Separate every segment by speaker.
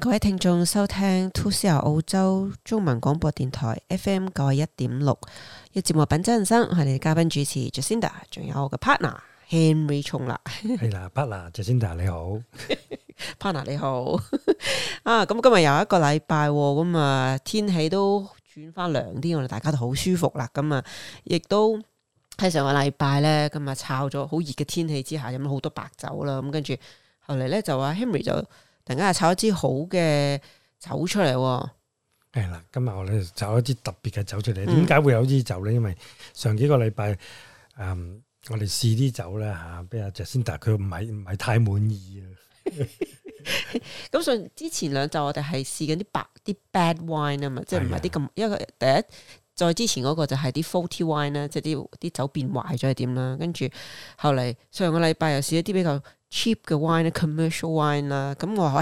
Speaker 1: 各位聽眾收聽 2CR 澳洲中文廣播電台 FM 九啊一點六，一節目《品質人生》，係我哋嘉賓主持 Jacinda 仲有我嘅 partner Henry 沖啦。
Speaker 2: 係啦，partner
Speaker 1: Jacinda 你好 ，partner 你好 啊！咁今日有一個禮拜，咁啊天氣都轉翻涼啲，我哋大家都好舒服啦。咁啊，亦都喺上個禮拜呢，咁啊，炒咗好熱嘅天氣之下，飲咗好多白酒啦。咁跟住，後嚟呢，就話 Henry 就突然間又炒一支好嘅酒出嚟、哦，
Speaker 2: 誒嗱，今日我哋就炒一支特別嘅酒出嚟。點解、嗯、會有支酒咧？因為上幾個禮拜，誒、嗯，我哋試啲酒咧吓，俾阿 Jacinda，但係佢唔係唔係太滿意啊。
Speaker 1: 咁上之前兩集我哋係試緊啲白啲 bad wine 啊嘛，即係唔係啲咁。因為第一再之前嗰個就係啲 faulty wine 啦，即係啲啲酒變壞咗係點啦。跟住後嚟上個禮拜又試一啲比較 Cheap 嘅 wine 咧 commercial wine 啦，咁我話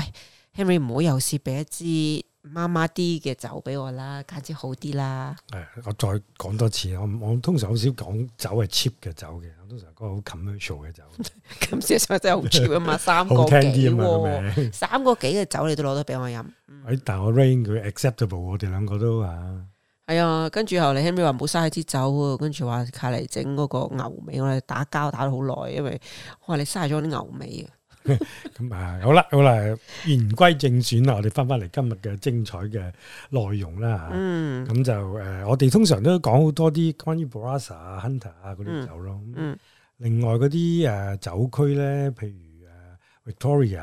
Speaker 1: 喂 Henry 唔好又試俾一支麻麻啲嘅酒俾我啦，簡直好啲啦。
Speaker 2: 誒、哎，我再講多次，我我通常好少講酒係 cheap 嘅酒嘅，我通常講好 commercial 嘅酒。
Speaker 1: commercial 真係好 cheap 啊嘛，三個、哦、 三個幾嘅酒你都攞得俾我飲。
Speaker 2: 誒、嗯，但係我 Rain 佢 acceptable，我哋兩個都啊。
Speaker 1: 係啊，跟住後嚟，Henry 話唔好嘥支酒啊，跟住話靠嚟整嗰個牛尾，我哋打交打咗好耐，因為我話你嘥咗啲牛尾啊。
Speaker 2: 咁啊，好啦，好啦，言歸正傳啦，我哋翻翻嚟今日嘅精彩嘅內容啦吓。嗯，咁就誒，我哋通常都講好多啲關於 Barossa、Hunter 啊嗰啲酒咯。嗯。另外嗰啲誒酒區咧，譬如誒 Victoria、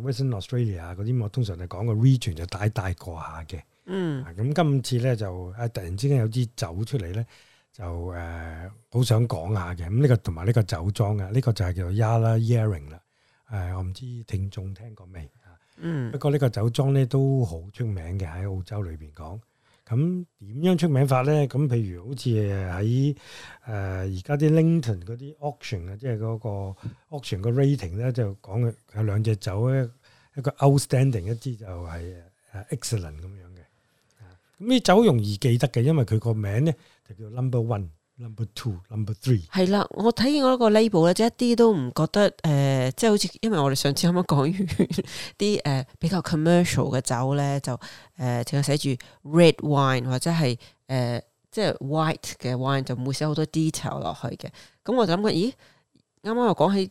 Speaker 2: Western Australia 嗰啲，我通常就講個 region 就帶帶過下嘅。嗯，咁今次咧就啊，突然之間有支酒出嚟咧，就誒好想講下嘅。咁呢個同埋呢個酒莊啊，呢個就係叫 Yarra Yering 啦。誒，我唔知聽眾聽過未啊？嗯。不過呢個酒莊咧都好出名嘅喺澳洲裏邊講。咁點樣出名法咧？咁譬如好似喺誒而家啲 Langton's 嗰啲 auction 啊，即係嗰個 auction 個 rating 咧，就講有兩隻酒咧，一個 outstanding，一支就係 excellent 咁樣。咁啲酒容易記得嘅，因為佢個名咧就叫 number one、number two、number three。
Speaker 1: 係啦，我睇見嗰個 label 咧，一啲都唔覺得誒，即、呃、係、就是、好似因為我哋上次啱啱講完啲誒、呃、比較 commercial 嘅酒咧，就誒淨係寫住 red wine 或者係誒即係 white 嘅 wine，就唔會寫好多 detail 落去嘅。咁我就諗緊，咦？啱啱又講起。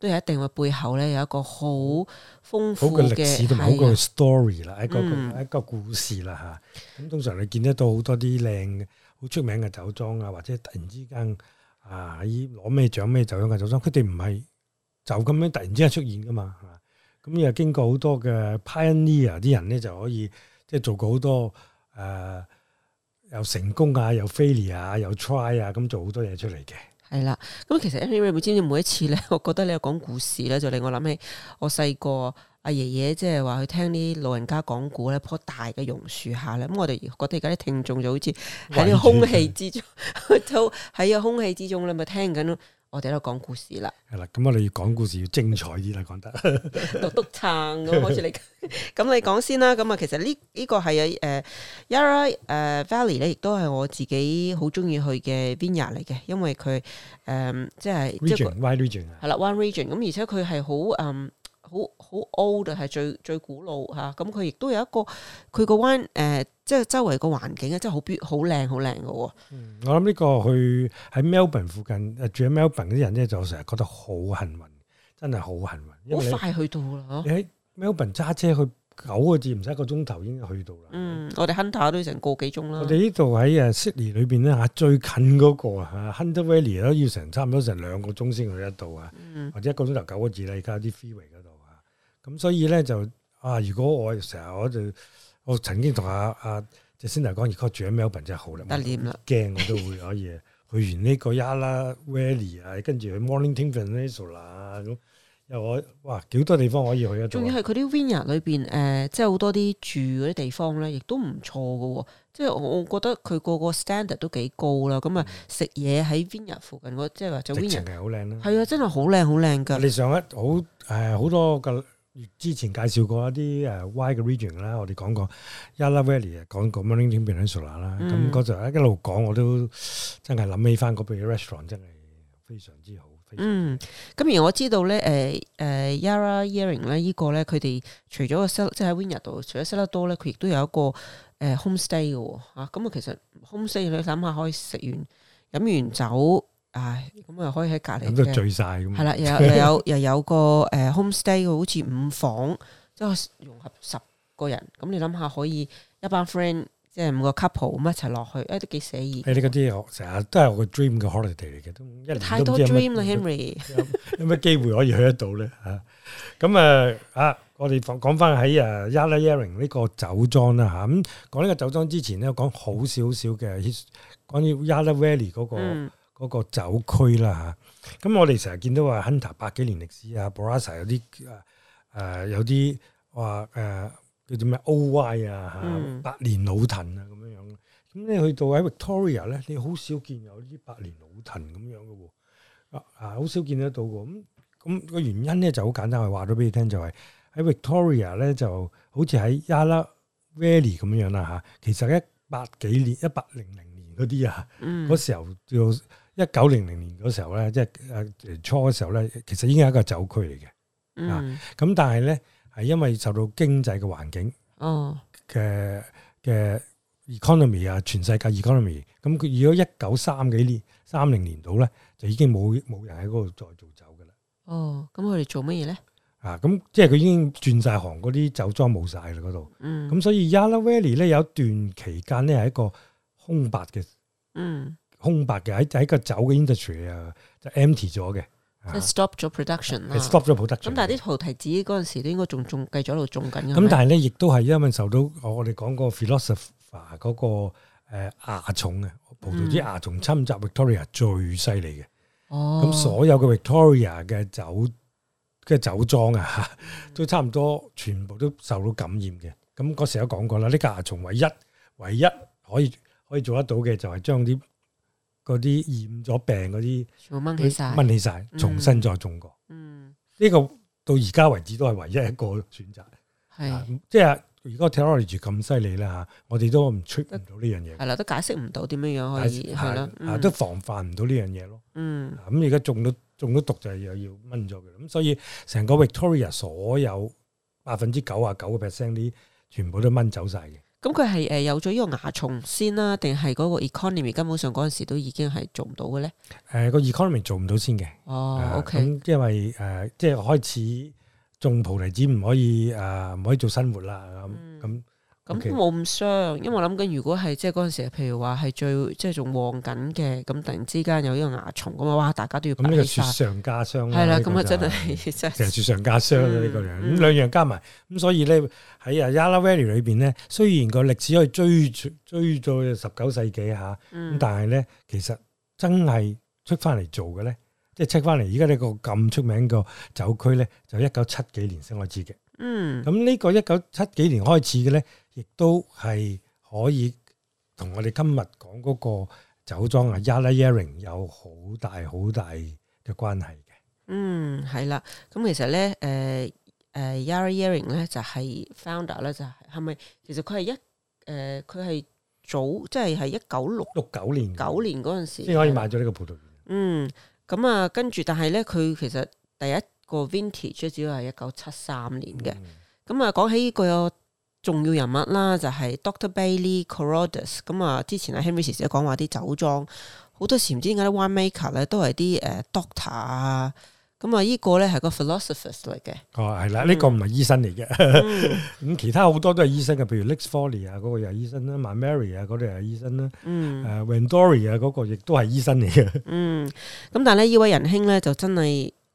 Speaker 1: 都係一定嘅背後咧，有一個好豐富嘅歷史同埋好嘅 story 啦，一個、嗯、一
Speaker 2: 個故事啦吓。咁、啊、通常你見得到好多啲靚、嘅好出名嘅酒莊啊，或者突然之間啊，攞咩獎咩酒莊嘅酒莊，佢哋唔係就咁樣突然之間出現噶嘛，咁、啊、又經過好多嘅 pioneer 啲人咧，就可以即係、就是、做過好多誒、啊、又成功啊，又 failure 啊，又 try 啊，咁做好多嘢出嚟嘅。
Speaker 1: 係啦，咁其實 anyway 你知唔知每一次咧，我覺得你有講故事咧，就令我諗起我細個阿爺爺，即係話去聽啲老人家講古咧，棵大嘅榕樹下咧，咁我哋覺得而家啲聽眾就好似喺個空氣之中，都喺個空氣之中，你咪聽緊咯。我哋喺度講故事啦，
Speaker 2: 係啦、嗯，咁我哋要講故事要精彩啲啦，講得、 嗯，
Speaker 1: 獨獨撐咁，好似、 嗯、 你咁，你講先啦，咁啊，其實呢呢、呢個係誒，Yarra Valley 咧，亦都係我自己好中意去嘅邊日嚟嘅，因為佢誒、嗯、即係 Region 係啦，One Region，咁而且佢係好嗯。Um, 好好 old 係最最古老嚇，咁、啊、佢亦都有一個佢個灣誒，即係周圍個環境咧，真係好好靚好靚嘅喎。我諗
Speaker 2: 呢個去喺 Melbourne 附近、呃、住喺 Melbourne 啲人咧，就成日覺得好幸運，真係好幸運。好快去
Speaker 1: 到啦！你
Speaker 2: 喺 Melbourne 揸車去九個字，唔使一個鐘頭已經去到啦。
Speaker 1: 嗯，以我哋 Hunter 都成個幾鐘啦。我哋呢
Speaker 2: 度喺誒 Sydney 裏邊咧嚇，最近嗰個 Hunter Valley 咧，要成差唔多成兩個鐘先去得到啊，嗯、或者一個鐘頭九個字啦，而家啲咁所以咧就啊，如果我成日我就我曾經同阿阿即先頭講，去柯住喺 Melbourne 真係好啦，唔驚我都會可以去完呢個 Yarra Valley 啊，跟住去 Mornington Peninsula 咁，又我哇幾多，多地方可以去啊？仲要係
Speaker 1: 佢啲 Winery 裏邊誒，即係好多啲住嗰啲地方咧，亦都唔錯噶喎！即係我覺得佢個個 standard 都幾高啦。咁、嗯、啊，食嘢喺 Winery 附近，我即係話。Winery 直情係好靚咯，係啊，真係好靚好靚噶！
Speaker 2: 你上一好誒好、嗯嗯、多個。嗯之前介紹過一啲誒、uh, Y 嘅 region 啦，我哋講過 Yarra Valley，講過 Mornington Peninsula 啦、嗯，咁嗰陣一路講我都真係諗起翻嗰邊嘅 restaurant，真係非常之好。
Speaker 1: 非常之嗯，咁而我知道咧，誒誒 Yarra Yering 咧，呃、Yarra Yering, 個呢個咧佢哋除咗個西，即喺 winery 度，除咗西得多咧，佢亦都有一個誒、呃、homestay 嘅喎、哦、咁啊、嗯，其實 homestay 你諗下，可以食完飲完酒。唉，咁啊可以喺隔籬，咁都聚晒咁。係啦，又又有又有個誒 homestay，好似五房，即係融合十個人。咁你諗下，可以一班 friend 即係五個 couple 咁一齊落去，誒都幾寫意。誒，你嗰啲成
Speaker 2: 日都係個 dream 嘅 holiday 嚟嘅，都太多 dream 啦，Henry。有咩機會可以去得到咧？吓，咁啊啊！我哋講翻喺誒 Yarra Yering 呢個酒莊啦，吓咁講呢個酒莊之前咧，講好少少嘅，關於 Yarra Valley 嗰個。嗰個酒區啦嚇，咁、啊、我哋成日見到話 Hunter 百幾年歷史啊，Barossa 有啲誒誒有啲話誒叫做咩 OY 啊嚇，百、嗯、年老藤啊咁樣樣。咁你去到喺 Victoria 咧，你好少見有啲百年老藤咁樣嘅喎，啊好、啊、少見得到嘅。咁、啊、咁、咁個原因咧就好簡單，我話咗俾你聽，就係、是、喺 Victoria 咧，就好似喺 Yarra Valley 咁樣啦嚇、啊。其實一百幾年、一八零零年嗰啲啊，嗰時候叫。一九零零年嗰時候咧，即係初嘅時候咧，其實已經係一個酒區嚟嘅。嗯，咁、啊、但係咧，係因為受到經濟嘅環境，哦嘅嘅 economy 啊，全世界 economy，咁佢如果一九三幾年三零年到咧，就已經冇冇人喺嗰度再做酒
Speaker 1: 噶啦。哦，咁佢哋做乜嘢咧？
Speaker 2: 啊，咁即係佢已經轉晒行，嗰啲酒莊冇晒啦嗰度。咁、嗯、所以 Yarra Valley 咧有一段期間咧係一個空白嘅。嗯。空白嘅喺喺個酒嘅 industry 啊，就 empty 咗嘅，
Speaker 1: 就 stop 咗 production 啦，stop
Speaker 2: 咗 production。咁但係
Speaker 1: 啲提子嗰陣時都應該仲仲繼續喺度種緊。咁但
Speaker 2: 係咧，亦都係因為受到我我哋講過 philosopher 嗰個誒蚜蟲嘅葡萄啲蚜蟲侵襲 Victoria 最犀利嘅。哦。咁所有嘅 Victoria 嘅酒嘅酒莊啊，都差唔多全部都受到感染嘅。咁嗰時有講過啦，呢個蚜蟲唯一唯一可以可以做得到嘅就係將啲。嗰啲染咗病嗰啲，
Speaker 1: 掹起晒，掹起晒，嗯、重新
Speaker 2: 再種過。嗯，呢個到而家為止都係唯一一個選擇。係，即係如果 technology 咁犀利啦吓，我哋都唔出唔到呢樣嘢，
Speaker 1: 係啦、啊啊，都解釋唔到點樣樣可以係啦但、嗯啊，都
Speaker 2: 防範唔到呢樣嘢咯。
Speaker 1: 嗯，
Speaker 2: 咁而家中到中咗毒就係又要掹咗嘅，咁所以成個 Victoria 所有百分之九啊九個 percent 啲，全部都掹走晒嘅。
Speaker 1: 咁佢係誒有咗呢個蚜蟲先啦、啊，定係嗰個 economy 根本上嗰陣時都已經係做唔到嘅咧？
Speaker 2: 誒、呃嗰個 economy 做唔到先嘅。哦，OK、呃。因為誒、呃、即係開始種葡提子唔可以誒唔、呃、可以做生活啦咁咁。嗯
Speaker 1: 咁冇咁傷，因為我諗緊，如果係即係嗰陣時，譬如話係最即係仲旺緊嘅，咁、嗯、突然之間有呢個牙蟲咁啊！哇，大家都要咁呢個雪上
Speaker 2: 加霜、啊。係啦、嗯，咁啊真係真係雪上加霜呢、啊呢個樣。咁、嗯、兩樣加埋，咁所以咧喺啊 Yarra Valley 裏邊咧，雖然個歷史可以追追到十九世紀嚇、啊，咁、嗯、但係咧其實真係出翻嚟做嘅咧，即、就、係、是、出翻嚟。而家呢個咁出名個酒區咧，就一九七幾年先開始嘅。嗯，咁呢個一九七幾年開始嘅咧。亦都係可以同我哋今日講嗰個酒莊啊，Yarra Yering 有好大好大嘅關係嘅。
Speaker 1: 嗯，係啦。咁其實咧，誒誒，Yarra Yering 咧就係 founder 咧就係係咪？其實佢係一誒佢係早即係係一九六六九年九年嗰陣時先可以買
Speaker 2: 咗呢個葡萄園。
Speaker 1: 嗯，咁啊，跟住但係咧，佢其實第一個 vintage 主要係一九七三年嘅。咁啊，講起呢個。重要人物啦，就係、是、Doctor Bailey Carrodus，咁啊，之前啊 Henry 氏都講話啲酒莊好多時唔知點解咧 winemaker 咧都係啲誒 doctor 啊，咁啊呢個咧係個 philosopher 嚟嘅。
Speaker 2: 哦係啦，呢、這個唔係醫生嚟嘅，咁、嗯、 其他好多都係醫生嘅，譬如 Lake's Folly 啊，嗰個又係醫生啦，Mount Mary 啊，嗰啲又係醫生啦，嗯，誒 Wendory 啊，嗰個亦都係醫生嚟嘅，嗯，
Speaker 1: 咁但係咧呢位仁兄咧就真係。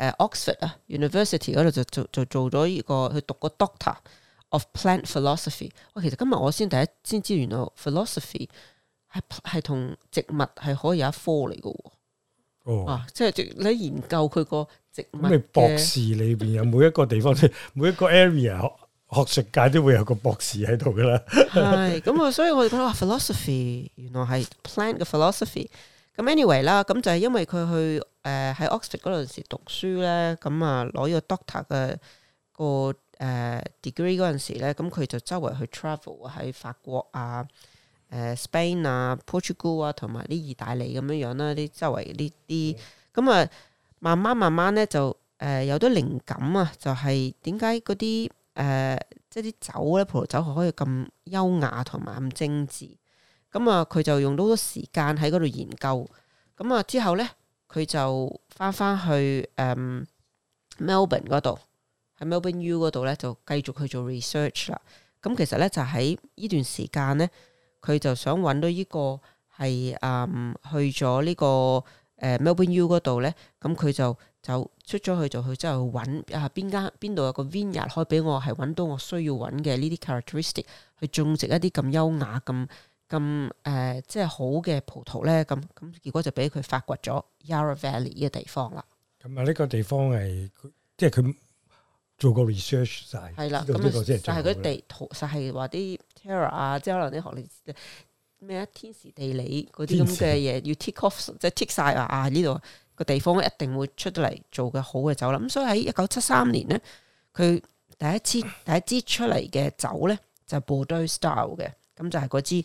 Speaker 1: 誒、uh, Oxford 啊，University 嗰度就做就做咗呢個，去讀個 Doctor of Plant Philosophy。喂，其實今日我先第一先知，原來 philosophy 係係同植物係可以有一科嚟嘅喎。哦，哦啊、即係你研究佢個植物、哦、博士
Speaker 2: 裏邊有每一個地方，即 每一個 area 學學術界都會有個博士喺度噶啦。
Speaker 1: 係咁啊，所以我哋覺得、啊、philosophy，原來係 plant 嘅 philosophy。咁 anyway 啦，咁就係、是、因為佢去誒喺 Oxford 嗰陣時讀書咧，咁啊攞咗 Doctor 嘅個誒 degree 嗰陣時咧，咁、嗯、佢就周圍去 travel 喺法國啊、誒、呃、Spain 啊、Portugal 啊同埋啲意大利咁樣樣啦，啲周圍呢啲，咁、嗯、啊、嗯嗯、慢慢慢慢咧就誒、呃、有咗靈感啊、就是呃，就係點解嗰啲誒即係啲酒咧，葡萄酒可可以咁優雅同埋咁精緻？咁啊，佢、嗯、就用到好多時間喺嗰度研究。咁、嗯、啊，之後咧，佢就返返去誒 Melbourne 嗰度，喺、嗯、Melbourne Mel U 嗰度咧，就繼續去做 research 啦。咁、嗯、其實咧，就喺、是、呢段時間咧，佢就想揾到依個係誒、嗯、去咗呢、這個誒、呃、Melbourne U 嗰度咧。咁、嗯、佢就就出咗去，就去之後揾啊邊間邊度有個 vineyard 可以俾我係揾到我需要揾嘅呢啲 characteristic 去種植一啲咁優雅咁。咁誒、嗯呃，即係好嘅葡萄咧，咁、嗯、咁結果就俾佢發掘咗 Yarra Valley 嘅地方啦。
Speaker 2: 咁啊，呢個地方係即係佢做過 research 曬，係啦的，咁啊、嗯，但係佢地
Speaker 1: 圖實係話啲 terra 啊，即係可能啲學歷咩啊，天時地利嗰啲咁嘅嘢要 tick off，即係 tick 曬話啊，呢度、這個地方一定會出得嚟做嘅好嘅酒啦。咁、嗯、所以喺一九七三年咧，佢第一次第一支出、就是、支出嚟嘅酒咧就 Bordeaux style 嘅，咁就係嗰支。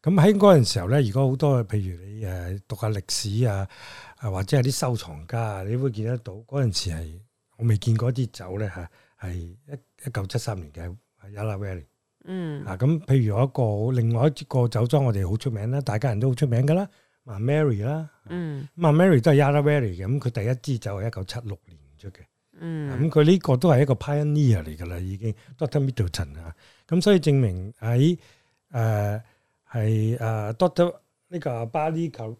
Speaker 2: 咁喺嗰陣時候咧，如果好多譬如你誒讀下歷史啊，啊或者係啲收藏家，啊，你會見得到嗰陣時係我未見過一支酒咧嚇，係一一九七三年嘅 Yarra Valley。嗯啊，咁譬如有一個另外一個酒莊，我哋好出名啦，大家人都好出名噶啦，Mount Mary 啦。ーー嗯，Mount Mary 都係 Yarra Valley 嘅，咁佢第一支酒係一九七六年出嘅。嗯，咁佢呢個都係一個 pioneer 嚟噶啦，已經 Dr. Middleton 啊。咁所以證明喺誒。呃係啊，Doctor 呢個 Bailey 呢個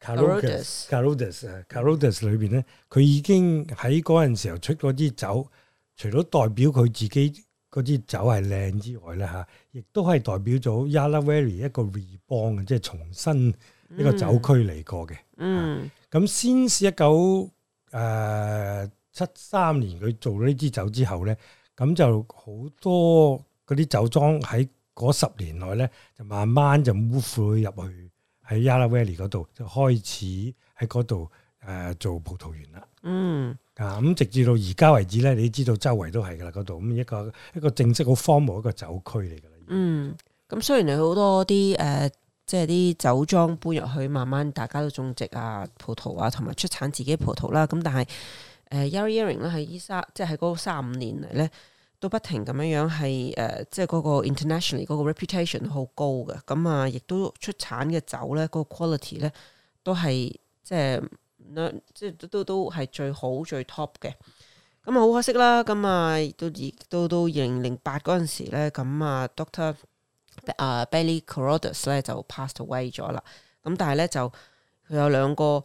Speaker 2: Carrodus，Carrodus 啊，Carrodus 裏邊咧，佢已經喺嗰陣時候出嗰啲酒，除咗代表佢自己嗰啲酒係靚之外咧，吓，亦都係代表咗 Yarra Valley 一個 rebound，即係重新一個酒區嚟過嘅。嗯，咁先是19誒七三年佢做咗呢支酒之後咧，咁就好多嗰啲酒莊喺。嗰十年內咧，就慢慢就 move 佢入去喺 Yarra Valley 嗰度，就開始喺嗰度誒做葡萄園啦。嗯，啊咁直至到而家為止咧，你知道周圍都係噶啦嗰度，咁一個一個正式好荒蕪一個酒區嚟噶
Speaker 1: 啦。嗯，咁雖然係好多啲誒，即係啲酒莊搬入去，慢慢大家都種植啊葡萄啊，同埋出產自己葡萄啦。咁、嗯、但係誒 Yarra Valley 咧，喺依三即係喺嗰三五年嚟咧，都不停咁樣樣係誒，即係嗰個 internationally 嗰個 reputation 好高嘅，咁啊，亦都出產嘅酒咧，嗰、嗰個 quality 咧都係即係即係都都都係最好最 top 嘅。咁啊，好可惜啦，咁啊，到二到到二零零八嗰陣時咧，咁啊，Doctor Bailey、uh, Carrodus 咧就 passed away 咗啦。咁但係咧就佢有兩個。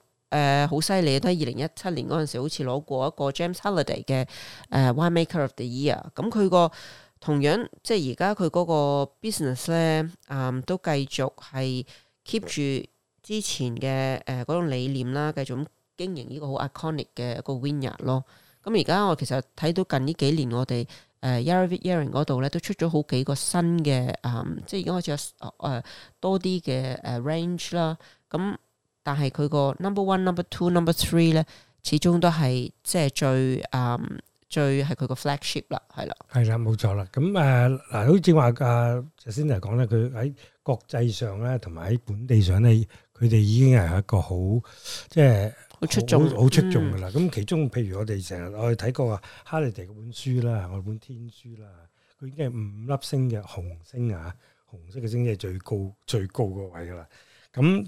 Speaker 1: 誒、呃、好犀利，都係二零一七年嗰陣時，好似攞過一個 James Halliday 嘅誒、呃、Winemaker of the Year。咁、嗯、佢、嗰個同樣即係而家佢嗰個 business 咧，嗯都繼續係 keep 住之前嘅誒嗰種理念啦，繼續咁經營呢個好 iconic 嘅一個 winery 咯。咁而家我其實睇到近呢幾年我哋誒、呃、Yarra Yering 嗰度咧，都出咗好幾個新嘅，嗯，即係已經開始有誒、呃、多啲嘅誒 range 啦。咁、嗯但係佢個 number one、number two、number three 咧，始終都係即係最誒、嗯、最係佢個 flagship 啦，係啦，
Speaker 2: 係啦，冇錯啦。咁誒嗱，好似話阿 Jacinda 嚟講咧，佢、啊、喺國際上咧，同埋喺本地上咧，佢哋已經係一個好即係好出眾、好出眾噶啦。咁、嗯、其中，譬如我哋成日我哋睇過啊，哈利迪嗰本書啦，我本天書啦，佢已經係五粒星嘅紅星啊，紅色嘅星即係最高、最高嗰位噶啦，咁。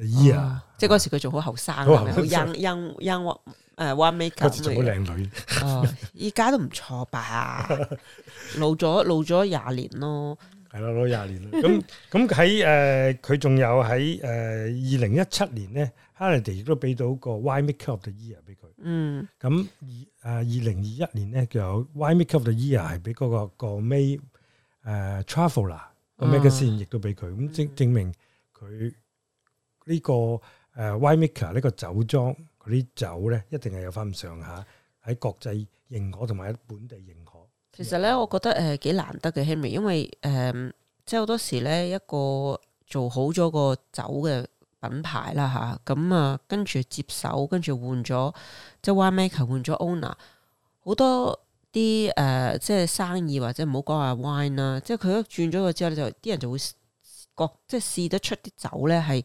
Speaker 2: e 啊，即
Speaker 1: 係嗰時佢仲好後生，好後生，young young young 誒，one make up 嗰時仲好靚女，哦，依家都唔錯吧？老咗老咗廿年咯，
Speaker 2: 係啦，老廿年啦。咁咁喺誒，佢仲有喺誒二零一七年咧，Halliday 亦都俾到個 Winemaker of the Year 俾佢，嗯。咁二誒二零二一年咧，就有 Winemaker of the Year 係俾嗰個個咩誒 Traveller 個 magazine，亦都俾佢。咁即證明佢。呢個誒 wine maker 呢個酒莊佢啲酒咧，一定係有翻咁上下喺國際認可同埋喺本地認可。
Speaker 1: 其實咧，我覺得誒幾難得嘅 Henry，因為誒、嗯、即係好多時咧一個做好咗個酒嘅品牌啦嚇，咁啊跟住接，接手跟住換咗即係 wine maker 換咗 owner，好多啲誒、呃、即係生意或者唔好講話 wine 啦，即係佢一轉咗個之後咧，就啲人就會覺即係試得出啲酒咧係。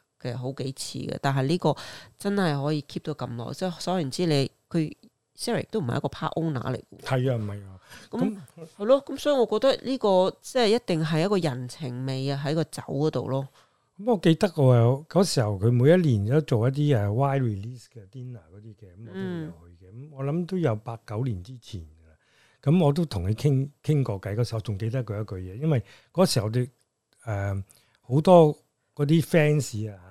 Speaker 1: 嘅好幾次嘅，但係呢個真係可以 keep 到咁耐，即係所然之你，你佢 Sara 都唔係一個 partner 嚟嘅。係啊，唔係啊。咁係咯，咁 所以我覺得呢、呢個即係一定係一個人情味啊喺個酒嗰度咯。咁我記
Speaker 2: 得喎，嗰時候佢每一年都做一啲誒 wine release 嘅 dinner 嗰啲嘅，咁我，、嗯、我，我都有去嘅。咁我諗都有八九年之前嘅啦。咁我都同佢傾傾過偈。嗰時候，仲記得佢一句嘢，因為嗰時候啲誒好多嗰啲 fans 啊。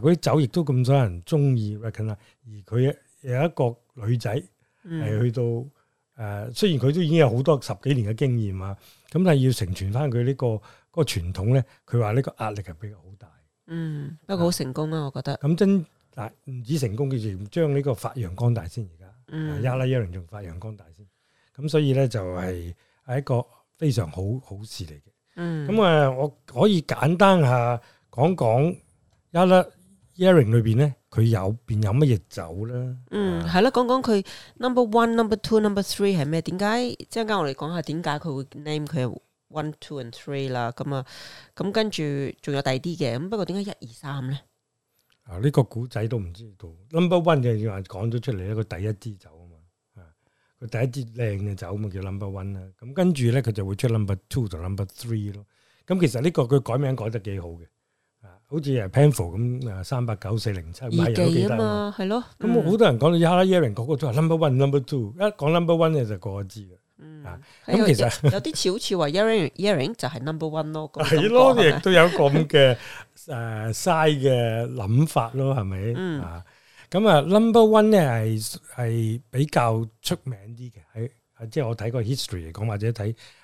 Speaker 2: 嗰啲酒亦都咁多人中意。而佢有一個女仔係、嗯、去到誒，雖然佢都已經有好多十幾年嘅經驗啊，咁但係要承傳返佢呢個嗰、嗰個傳統咧，佢話呢個壓力係比較好大。
Speaker 1: 嗯，不過好成功啦、啊，我覺得。
Speaker 2: 咁真但唔止成功，佢仲將呢個發揚光大先而家。
Speaker 1: 嗯啊、Yarra
Speaker 2: Yering 仲發揚光大先。咁所以咧就係、係、係一個非常好好事嚟嘅。嗯。咁啊，我可以簡單下講講 Yarra Yering 裏邊咧，佢有邊有乜嘢酒啦？嗯，
Speaker 1: 係啦，講講佢 number one、number two、number three 係咩？點解？即係今日我哋講下點解佢會 name 佢 one、two and three 啦？咁啊，咁跟住仲有第二啲嘅。咁不過點解一二三咧？
Speaker 2: 啊，呢個古仔都唔知道。number one 就話講咗出嚟咧，個第一支酒啊嘛，啊，佢第一支靚嘅酒嘛，叫 number one 啦、啊。咁跟住咧，佢就會出 number two 同 number three 咯。咁、啊、其實呢個佢改名改得幾好嘅。好似係 Penfolds 咁誒，三百九四零七，乜人都記得記
Speaker 1: 嘛，係咯。咁好、嗯、多
Speaker 2: 人講到 Yarra Yering，個個都話 Number One、Number Two。一講 Number One 咧，就個個知啦。嗯，
Speaker 1: 咁、啊嗯、其實有啲似好似話 Yarra Yering，Yarra Yering 就係 Number One 咯。係、那個、咯，亦都有咁
Speaker 2: 嘅誒嘥嘅諗法咯，係咪？嗯。啊，咁啊 Number One 咧係係比較出名啲嘅，係即係我睇過 history 嚟講或者睇。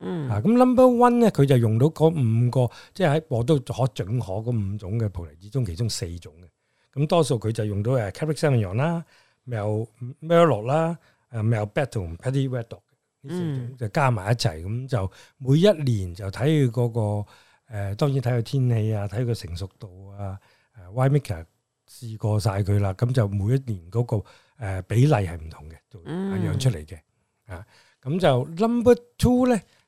Speaker 2: 嗯啊，咁 number one 咧，佢就用到嗰五個，即係喺波都可準可嗰五種嘅葡提之中，其中四種嘅。咁多數佢就用到係 Cabernet Sauvignon 啦，有 Merlot 啦，誒，有 Malbec 同 Petit Verdot 呢四種就加埋一齊，咁就每一年就睇佢嗰個誒，當然睇佢天氣啊，睇佢成熟度啊，Winemaker 試過曬佢啦，咁就每一年嗰個比例係唔同嘅，就養出嚟嘅。啊，咁就 number two 咧。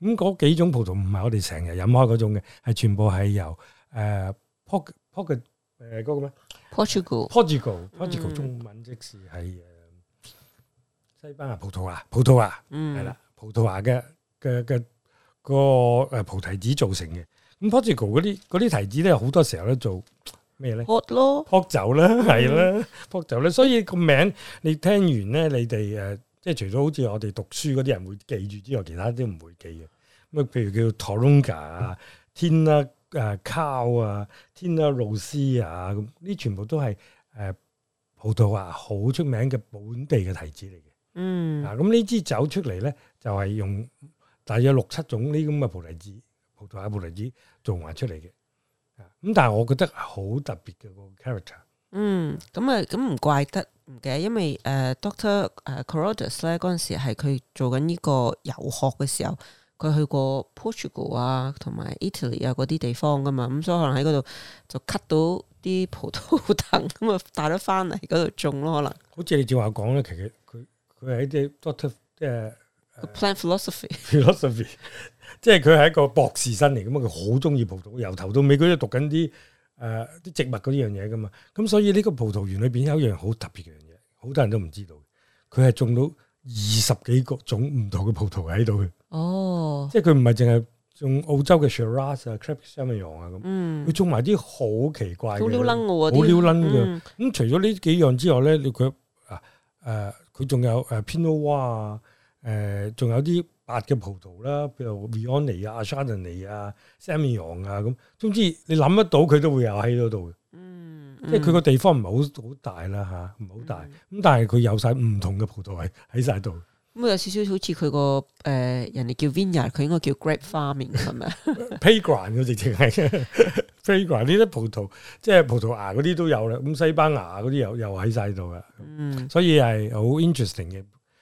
Speaker 2: 咁嗰幾種葡萄唔係我哋成日飲開嗰種嘅。係全部係由誒波波嘅誒嗰個咩？Portugal，Portugal，Portugal，中文即是係誒西班牙葡萄牙，葡萄牙，嗯，係啦，葡萄牙嘅嘅嘅個誒葡提子做成嘅。咁 Portugal 嗰啲嗰啲提子咧，好多時候咧做咩咧？喝咯，喝酒啦，係啦，喝酒啦。所以個名你聽完咧，你哋誒。即係除咗好似我哋讀書嗰啲人會記住之外，其他人都唔會記嘅。咁、嗯呃、啊，譬如叫 Toronga 啊、Tina 啊、Cow 啊、Tina Louis 啊，咁呢全部都係誒、呃、葡萄牙好出名嘅本地嘅提子嚟嘅。嗯。啊，咁呢支酒出嚟咧，就係、是、用大約六七種呢咁嘅葡提子、葡萄牙葡提子做埋出嚟嘅。咁、啊、但係我覺得好特別嘅、個 character。嗯，
Speaker 1: 咁啊，咁唔怪得。唔嘅，因為誒 Doctor 誒 Carrodus 咧、呃，嗰陣時係佢做緊呢個遊學嘅時候，佢去過 Portugal 啊，同埋 Italy 啊嗰啲地方噶嘛，咁所以可能喺嗰度就 cut 到啲葡萄藤，咁啊帶咗翻嚟嗰度種咯，可能。好似你照前話講咧，其實佢佢係一啲
Speaker 2: Doctor 即 p l、呃、a n plant Philosophy，Philosophy， 即係佢係一個博士生嚟，咁嘛。佢好中意葡萄，由頭到尾佢都讀緊啲。誒啲、呃、植物嗰樣嘢噶嘛，咁、嗯、所以呢個葡萄園裏邊有一樣好特別嘅樣嘢，好多人都唔知道，佢係種到二十幾個種唔同嘅葡萄喺度嘅。哦，即係佢唔係淨係種澳洲嘅 Shiraz 啊、Cabernet Sauvignon 啊咁，佢、嗯、種埋啲好奇怪，好撈撚嘅。好撈撚嘅。咁、嗯嗯、除咗呢幾樣之外咧，佢啊誒佢仲有誒 Pinot Noir 啊，誒、呃、仲有啲。白嘅葡萄啦，譬如 Viognier 啊、Chardonnay 啊、Semillon 啊，咁總之你諗得到佢都會有喺嗰度。嗯，即係佢個地方唔係好好大啦吓，唔好大。咁、嗯、但係佢有晒唔同嘅葡萄係喺晒度。
Speaker 1: 咁、嗯、有少少好似佢個誒，人哋叫 Vineyard，佢應該叫 Grape Farming 咁啊。p y g r a 佢直情係 p y g r a 呢啲葡萄，即係葡萄牙嗰啲都有
Speaker 2: 啦。咁西班牙嗰啲又又喺晒度噶。嗯，所以係好 interesting 嘅。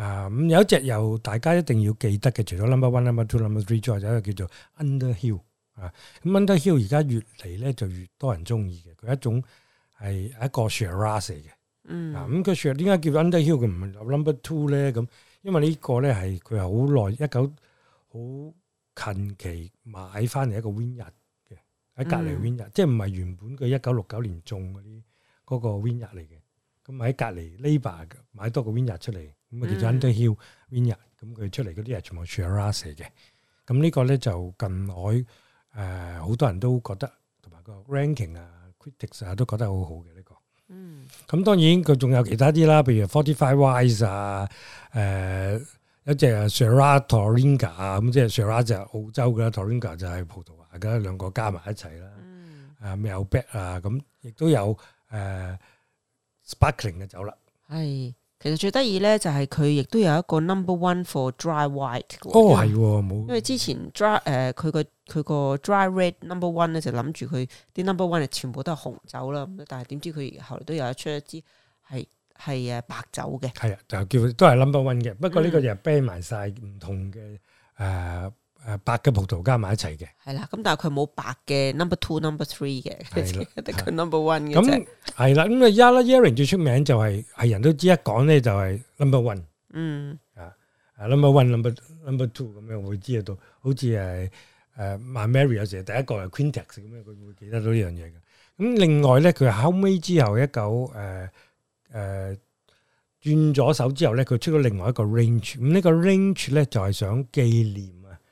Speaker 2: 啊，咁、嗯、有一隻又大家一定要記得嘅，除咗 Number One、Number Two、Number Three 之外，有一個叫做 Underhill 啊。咁 Underhill 而家越嚟咧就越多人中意嘅，佢一種係一個 Shiraz 嚟嘅。嗯、啊，咁佢 Shar，點解叫 Underhill 佢唔係 Number Two 咧？咁因為呢個咧係佢係好耐一九好近期買翻嚟一個 Vineyard 嘅，
Speaker 1: 喺隔離 Vineyard，
Speaker 2: 即係唔係原本佢一九六九年種嗰啲嗰個 Vineyard 嚟嘅。咁喺隔籬 Liber 買多個 Vineyard 出嚟，咁啊 Underhill Vineyard 咁佢出嚟嗰啲啊全部 Shiraz 嘅，咁、嗯、呢、嗯、個咧就近來誒好、呃、多人都覺得同埋個 ranking 啊 critics 啊都覺得好好嘅呢個。嗯，咁、嗯、當然佢仲有其他啲啦，譬如 Forty Five Wise 啊，誒、呃、一隻 Shiraz Torringa 啊、嗯，咁即係 Shiraz 就澳洲噶啦，Torringa 就係葡萄牙噶啦，兩個加埋一齊啦。嗯，啊咩 bet 啊，咁亦都有誒。呃 sparkling 嘅酒啦，
Speaker 1: 係、哎，其實最得意咧就係佢亦都有一個 number one for dry white。哦係，因為之前 dry 誒、呃、佢個佢個 dry red number one 咧就諗住佢啲 number one 全部都係紅酒啦，但係點知佢後嚟都有一出一支係係誒白酒嘅，係啊就叫
Speaker 2: 都係 number one 嘅，不過呢個就係 ban 埋晒唔同嘅誒。嗯誒，白嘅葡萄加埋一齊嘅，
Speaker 1: 係啦。咁但係佢冇白嘅 number two、number three 嘅，得佢 number
Speaker 2: one 嘅。咁係啦，咁啊 Yarra Yering 最出名就係係人都知，一講咧就係 number one。嗯，啊，number one、number number two 咁樣會知道，好似係誒 my mary 有時第一個係 quintex 咁樣，佢會記得到呢樣嘢嘅。咁另外咧，佢後屘之後一九誒誒轉咗手之後咧，佢出咗另外一個 range。咁呢個 range 咧就係想紀念。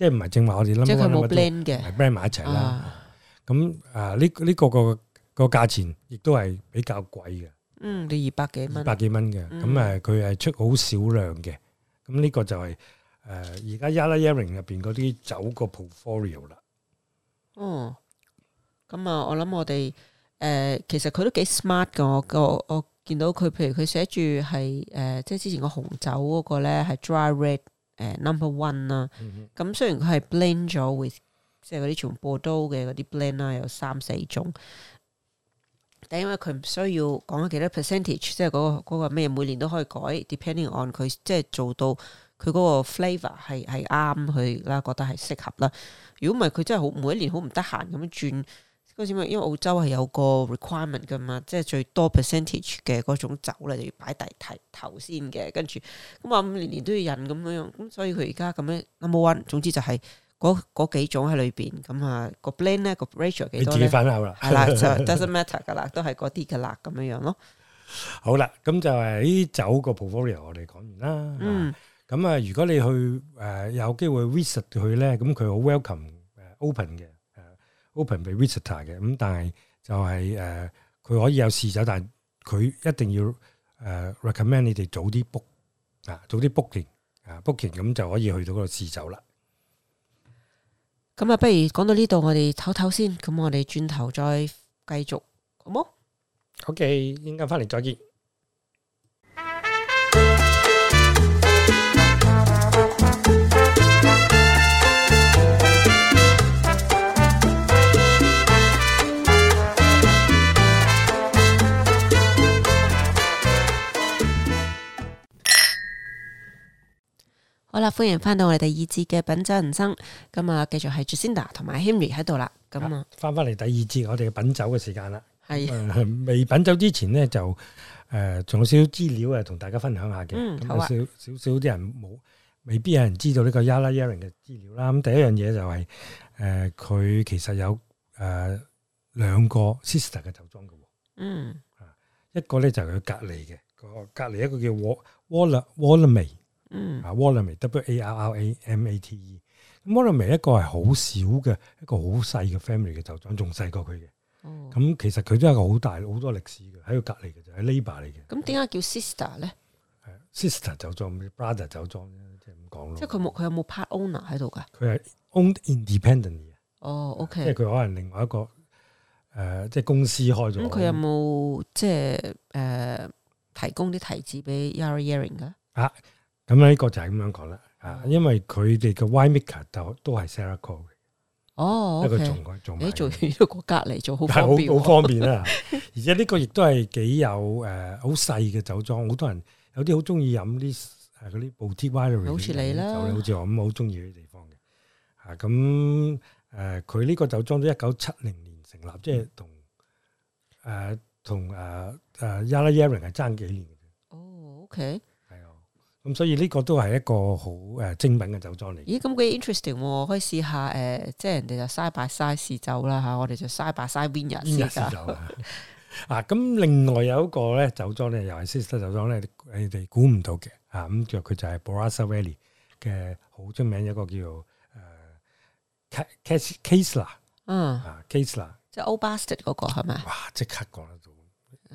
Speaker 2: 即係唔係正話我哋諗住佢冇 blend 嘅，係 blend 埋一齊啦。咁啊呢呢、嗯，這個個個價錢亦都係比較貴嘅。嗯，
Speaker 1: 啲二百幾蚊，二百幾
Speaker 2: 蚊嘅。咁誒，佢係出好少量嘅。咁呢個就係、是、誒而、呃、家 Yarra Yering 入邊嗰啲酒個 portfolio 啦。
Speaker 1: 哦、咁、嗯、啊,我諗我哋誒、呃,其實佢都幾 smart 㗎。我我我見到佢,譬如佢寫住係誒,即係之前個紅酒嗰個咧係 dry red。誒、uh, number one 啦、mm，咁、hmm. 雖然佢係 blend 咗 with 即係嗰啲全部都嘅嗰啲 blend 啦，有三四種，但因為佢唔需要講咗幾多 percentage，即係嗰、嗰個咩、嗰個，每年都可以改，depending on 佢即係做到佢嗰個 flavor 係係啱佢啦，覺得係適合啦。如果唔係，佢真係好每一年好唔得閒咁轉。因為澳洲係有個 requirement 噶嘛，即係最多 percentage 嘅嗰種酒咧，就要擺第提頭先嘅，跟住咁啊，年年都要引咁樣樣，咁所以佢而家咁樣 number one，總之就係嗰嗰幾種喺裏邊，咁啊個 blend 咧個 ratio 幾多咧，你自己翻口啦，係啦，就 doesn't matter 噶啦，都係嗰啲噶啦，咁樣樣咯。好啦，咁就係
Speaker 2: 啲酒個 portfolio 我哋講完啦。嗯，咁啊，如果你去誒有機會 visit 佢咧，咁佢好 welcome 誒 open 嘅。open 俾 visitor 嘅，咁但係就係誒，佢可以有試酒，但係佢一定要誒 recommend 你哋早啲 book 啊，早啲 booking 啊 booking，咁就可以去到嗰度試酒啦。
Speaker 1: 咁啊，不如講到呢度，我哋唞唞先，咁我哋轉頭再繼續好冇
Speaker 2: ？OK，陣間翻嚟再見。
Speaker 1: 啊、歡迎翻到我哋第二節嘅品酒人生，咁、嗯、啊，繼續係 Jacinda 同埋 Henry 喺度啦，咁啊，翻翻嚟
Speaker 2: 第二節我哋嘅品酒嘅時間啦，係未品酒之前咧就誒，仲、呃、有少少資料誒，同大家分享下嘅，咁、嗯啊、少、少少少啲人冇，未必有人知道呢個 Yarra Yering 嘅資料啦。咁第一樣嘢就係、是、誒，佢、呃、其實有誒兩、呃、個 sister 嘅酒莊嘅，嗯，一個咧就佢、是、隔籬嘅，個隔籬一個叫 Waller 沃沃勒 l 勒梅。嗯，啊，Warramate W A R R A M A T E，咁 Warramate 一個係好少嘅，一個好細嘅 family 嘅酒莊，仲細過佢嘅。咁其實佢都係一個好大好多歷史嘅喺佢隔籬嘅啫，喺 Labour 嚟嘅。
Speaker 1: 咁點解叫呢 sister 咧，就
Speaker 2: 是？sister 酒莊，brother 酒莊即係
Speaker 1: 咁講咯。即係佢冇佢有冇 part owner 喺度噶？
Speaker 2: 佢係 own independently 哦，OK。即係佢可能另外一個誒、呃，即係公司開咗。咁佢、嗯嗯、有
Speaker 1: 冇即係誒、呃，提供啲提子俾 Yarra Yering 啊。
Speaker 2: 咁呢個就係咁樣講啦，啊，因為佢哋嘅 wine maker 就都係 Sarah Crowe 嘅，
Speaker 1: 哦，一個仲仲誒做完一個隔離，做好好方便啦，
Speaker 2: 而且呢個亦都係幾有誒好細嘅酒莊，好多人有啲好中意飲啲誒嗰啲 boutique winery，好似你啦，好似我咁好中意啲地方嘅，啊，咁誒佢呢個酒莊都一九七零年成立，即係同誒同誒誒 Yarra Yering 係爭幾年嘅，哦
Speaker 1: ，OK。
Speaker 2: 咁、嗯、所以呢個都係一個好誒精品嘅酒莊嚟嘅。咦，
Speaker 1: 咁幾 interesting，可以試下誒、呃，即係人哋就嘥白嘥試酒啦吓，我哋就嘥白嘥邊日試下。
Speaker 2: 啊，咁另外有一個咧酒莊咧又係 sister 酒莊咧，你哋估唔到嘅吓，咁、啊、就佢就係 Barossa Valley 嘅好出名一個叫誒 Kaes Kaesler 嗯，Kaesler，、
Speaker 1: 啊、即係 Old Bastard 嗰個係咪？哇，即刻講啦！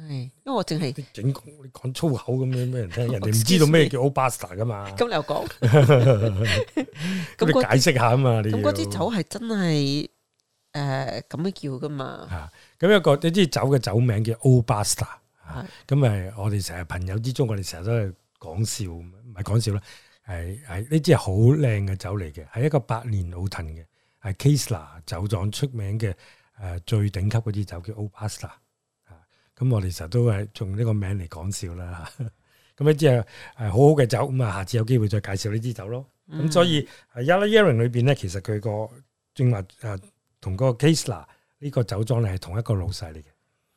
Speaker 1: 係，因為我淨係
Speaker 2: 整講粗口咁樣俾人聽，人哋唔知道咩叫 Old Bastard 噶嘛。咁你又講，
Speaker 1: 咁你解釋下啊嘛。咁嗰支酒係真係誒咁樣叫噶嘛？吓，
Speaker 2: 咁一個呢支酒嘅酒名叫 Old Bastard，係。咁誒，我哋成日朋友之中，我哋成日都係講笑，唔係講笑啦。係係呢支係好靚嘅酒嚟嘅，係一個百年老藤嘅，係 Kaesler 酒廠出名嘅誒，最頂級嗰支酒叫 Old Bastard。咁我哋實都係用呢個名嚟講笑啦，咁樣即係好好嘅酒，咁啊下次有機會再介紹呢支酒咯。咁所以喺 Yarra Yering 裏邊咧，其實佢個正話誒同嗰個 Kaesler 呢個酒莊咧係同一個老細嚟嘅。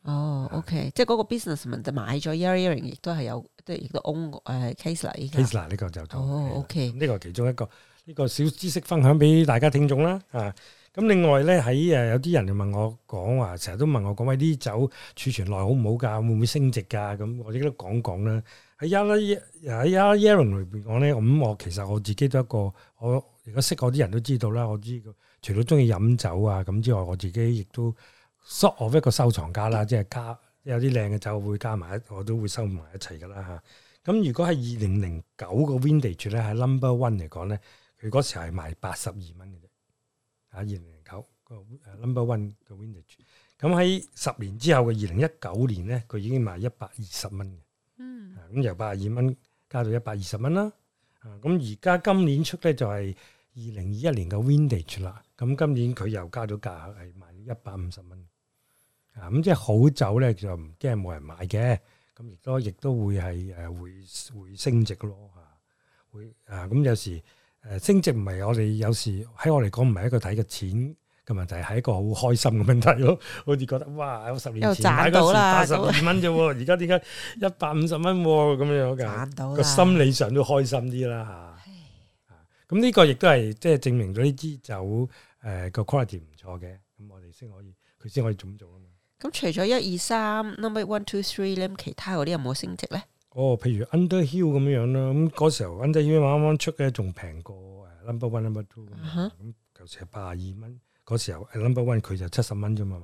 Speaker 1: 哦，OK，即係嗰個 businessman 就買咗 Yarra Yering，亦都係有，即係亦都 own 誒 Kaesler 依家，Kaesler
Speaker 2: 呢個就哦，OK，呢個其中一個呢，這個小知識分享俾大家聽眾啦，啊。咁另外咧喺誒有啲人就問我講話，成日都問我講話啲酒儲存耐好唔好㗎？會唔會升值㗎？咁我依家都講講啦。喺一粒喺一粒 Yering 裏邊，我咧咁我其實我自己都一個，我如果識嗰啲人都知道啦。我知，我知除咗中意飲酒啊咁之外，我自己亦都 sort of 一個收藏家啦，即係加有啲靚嘅酒會加埋，我都會收埋一齊㗎啦嚇。咁如果係二零零九個 Vintage 咧，喺 Number One 嚟講咧，佢嗰時係賣八十二蚊嘅。啊，二零零九個 number one 嘅 Vintage，咁喺十年之後嘅二零一九年咧，佢已經賣一百二十蚊嘅。嗯，咁由八十二蚊加到一百二十蚊啦。啊，咁而家今年出咧就係二零二一年嘅 Vintage 啦。咁今年佢又加咗價，係賣一百五十蚊。啊，咁即係好酒咧就唔驚冇人買嘅。咁亦都亦都會係誒會會升值咯嚇。會啊，咁有時。誒，升值唔係我哋有時喺我嚟講，唔係一個睇嘅錢嘅問題，係一個好開心嘅問題咯。好似覺得哇，十年前買嗰時八十二蚊啫，而家點解一百五十蚊咁樣噶？賺到啦！個心理上都開心啲啦吓。咁呢、啊、個亦都係即係證明咗呢支酒誒個 quality 唔錯嘅，咁、呃、我哋先可以，佢先可以咁做啊嘛。
Speaker 1: 咁、嗯、除咗一二三 number one two three 咧，其他嗰啲有冇升值咧？
Speaker 2: 哦，譬如 Underhill 咁樣樣啦，咁、嗯、嗰時候 Underhill 啱啱出嘅仲平過 Number One、Number Two，
Speaker 1: 咁
Speaker 2: 舊時係八廿二蚊，嗰、huh. 時候 Number One 佢就七十蚊啫嘛，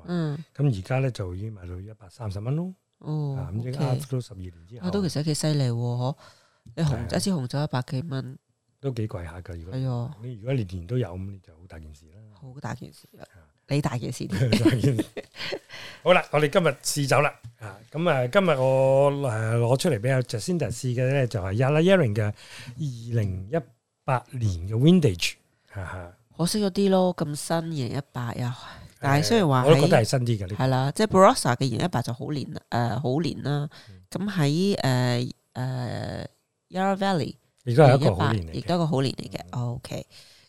Speaker 2: 咁而家咧就已經賣到一百三十蚊咯。哦、oh, okay. 嗯，咁即係 after 咗十二年之後。啊，都其實
Speaker 1: 幾犀利喎，嗬！你紅的一次紅酒一百幾蚊，都幾貴下噶。如果你、uh. 如果年年都有咁，你就好大件事啦。好大件事啦。你大件事，
Speaker 2: 好啦，我哋今日試走啦，啊，咁啊，今日我誒攞出嚟畀 Jacinda 就嘅試嘅呢，就係 Yarra Yering 嘅二零一八年嘅 Vintage，哈哈，
Speaker 1: 可惜嗰啲咯，咁新二零一八呀，但係雖然話，我都覺得係新啲嘅，係啦，即係 Barossa 嘅二零一八就好年，誒、呃、好年啦，咁喺誒誒、呃呃、Yarra Valley，亦都係一個好年嚟，亦都一個好年嚟嘅、嗯、，OK。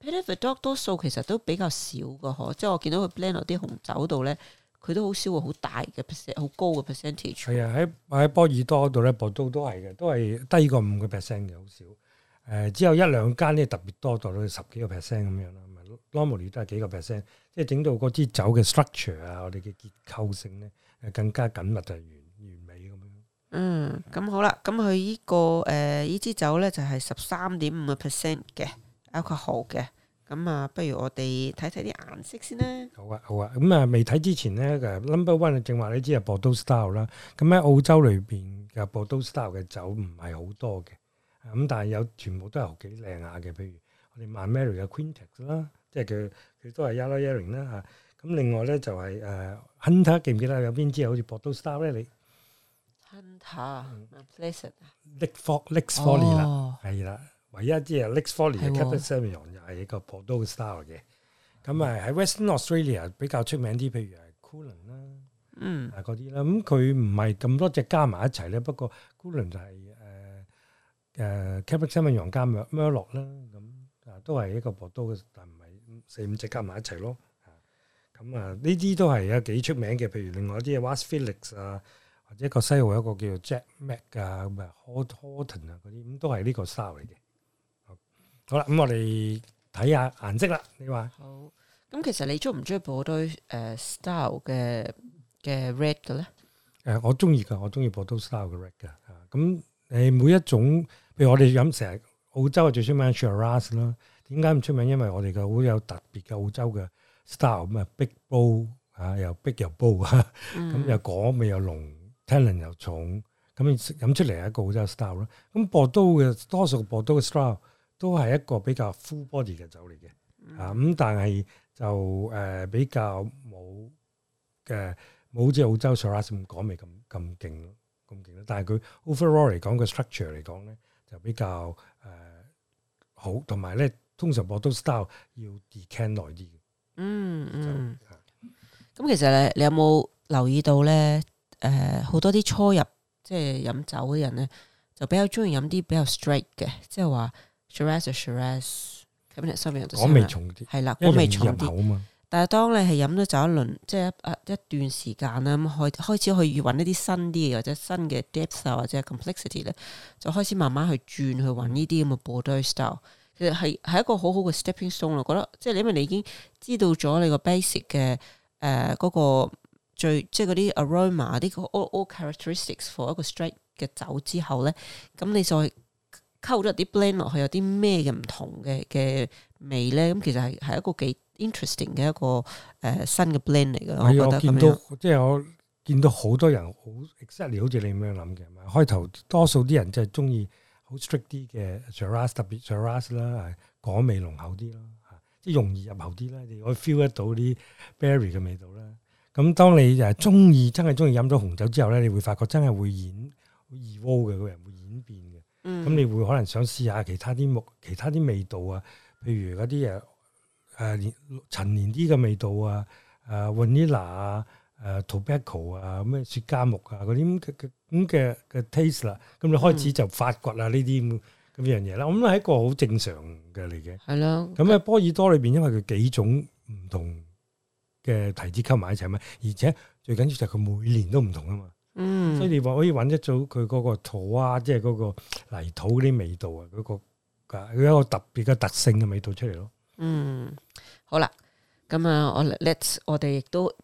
Speaker 1: Penfolds 多數其實都比較少嘅嗬，即係我見到佢 blend 落啲紅酒度咧，佢都好少會好大嘅 percent，好高嘅 percentage。係啊，
Speaker 2: 喺喺波爾多度咧，波都都係嘅，都係低過五個 percent 嘅，好少。誒、呃，只有一兩間咧特別多，做到十幾個 percent 咁樣啦。Normally 都係幾個 percent，即係整到嗰支酒嘅 structure 啊，我哋嘅結構性咧係更加緊密就係完完美
Speaker 1: 咁樣。嗯，咁好啦，咁佢依個誒依支酒咧就係十三點五個 percent 嘅。比較好嘅，咁啊，不如我哋睇睇啲顏色先啦。
Speaker 2: 好啊，好啊，咁啊，未睇之前咧，number one 正話你知啊，波多 style 啦。咁喺澳洲裏邊嘅波多 style 嘅酒唔係好多嘅，咁但係有全部都係幾靚下嘅。譬如我哋 Mount Mary 嘅 Quintex 啦，即係佢佢都係 Yarra Yering 啦嚇。咁另外咧就係誒 Hunter，記唔記得有邊支係好似波多 style 咧？你
Speaker 1: Hunter，my pleasure。Lake's Folly，Lake's Folly 嚟啦，係
Speaker 2: 啦。係一啲啊，Lakes Folly 嘅 Cabernet Sauvignon 又係一個波爾多嘅 style 嘅，咁啊喺 Western Australia 比較出名啲，譬如係 Cullen 啦，嗯啊嗰啲啦，咁佢唔係咁多隻加埋一齊咧，不過 Cullen 就係誒誒 Cabernet Sauvignon 加埋 Merlot 啦，咁啊都係一個波爾多嘅，但唔係四五隻加埋一齊咯，嚇咁啊呢啲都係有幾出名嘅，譬如另外一啲啊 Vasse Felix 啊，或者個西澳有一個叫做 Jack Mann 啊咁啊 Houghton 啊嗰啲，咁都係呢個 style 嚟嘅。好啦，咁我哋睇下顏色啦。你話好，
Speaker 1: 咁其實你中唔中意波多誒 style 嘅嘅 red 嘅咧？
Speaker 2: 誒，我中意噶，我中意波多 style 嘅 red 噶。咁誒，每一種，譬如我哋飲成日澳洲係最出名，Shiraz 啦。點解咁出名？因為我哋嘅好有特別嘅澳洲嘅 style，咁啊，bigbold 吓，又 big 又 bold，咁又果味又濃，tannin 又重，咁飲出嚟係一個澳洲嘅 style 咯。咁波多嘅多數波多嘅 style。都係一個比較 full body 嘅酒嚟嘅，啊咁、嗯呃呃，但係就誒比較冇嘅冇，好似澳洲 Shiraz 咁講味咁咁勁咯，咁勁咯。但係佢 overall 講嘅 structure 嚟講咧，就比較誒、呃、好，同埋咧通常波多 style 要 decant 耐啲。嗯就嗯，
Speaker 1: 咁其實咧，你有冇留意到咧？誒、呃，好多啲初入即係飲酒嘅人咧，就比較中意飲啲比較 straight 嘅，即係話。Shiraz 或者 Shiraz，可能收尾就香，我味重啲，係啦了，我未重啲。但係當你係飲咗酒一輪，即係一一段時間啦，咁開、嗯、開始去搵一啲新啲或者新嘅 depth 啊，或者 complexity 咧，就開始慢慢去轉去搵呢啲咁嘅 bolder style。嗯、其實係係一個好好嘅 stepping stone。我覺得即係、你、因為你已經知道咗你個 basic 嘅誒嗰、呃那個最即係、就、嗰、是、啲 aroma 啲個 all all characteristics for 一個 straight 嘅酒之後咧，咁你再，溝咗啲 blend 落去有啲咩嘅唔同嘅嘅味咧？咁其實係係一個幾 interesting 嘅一個誒、呃、新嘅 blend 嚟嘅。嗯、我覺得見到即
Speaker 2: 係我見到好多人好 exactly 好似你咁樣諗嘅。開頭多數啲人就係中意好 strict 啲嘅 shiraz，特別 shiraz 啦，果味濃厚啲咯，即係容易入口啲啦。你會 feel 得到啲 berry 嘅味道啦。咁當你係中意真係中意飲咗紅酒之後咧，你會發覺真係會演 evolve 嘅個人會演變。咁你會可能想試下其他啲木、其他啲味道啊，譬如嗰啲誒誒陳年啲嘅味道啊，誒 vanilla 啊，誒 tobacco 啊，咩雪茄木啊嗰啲咁嘅嘅 taste 啦，咁你開始就發掘啊呢啲咁咁樣嘢啦，咁係一個好正常嘅嚟嘅。係咯。咁喺波爾多裏邊，因為佢幾種唔同嘅提子溝埋一齊嘛，而且最緊要就係佢每年都唔同啊嘛。嗯，所以你話可以搵一組佢嗰個土啊，即係嗰個泥土啲味道啊，嗰個噶，佢一個特別嘅特性嘅味道出嚟咯。嗯，
Speaker 1: 好啦，咁啊，我 Let's 我哋亦都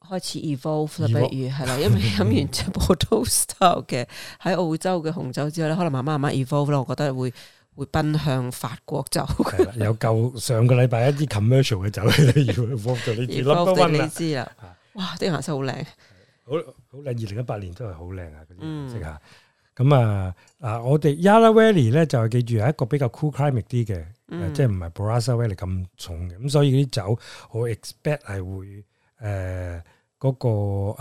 Speaker 1: 開始 evolve 啦，不如係啦，因為飲完部葡萄酒嘅喺澳洲嘅紅酒之後咧，可能慢慢慢慢 evolve 咯，我覺得會會奔向法國酒
Speaker 2: 嘅。有夠上個禮拜一啲 commercial 嘅酒，嚟， 要 evolve 你知
Speaker 1: 啦，哇，啲顏色好靚。好好靚！二
Speaker 2: 零一八年真係好靚
Speaker 1: 啊，嗰啲顏色啊。
Speaker 2: 咁、嗯、啊啊，我哋 Yarra Valley 咧就係記住係一個比較 cool climate 啲嘅，嗯、即係唔係 Barossa Valley 咁重嘅。咁所以啲酒我 expect 係會誒嗰、呃嗰個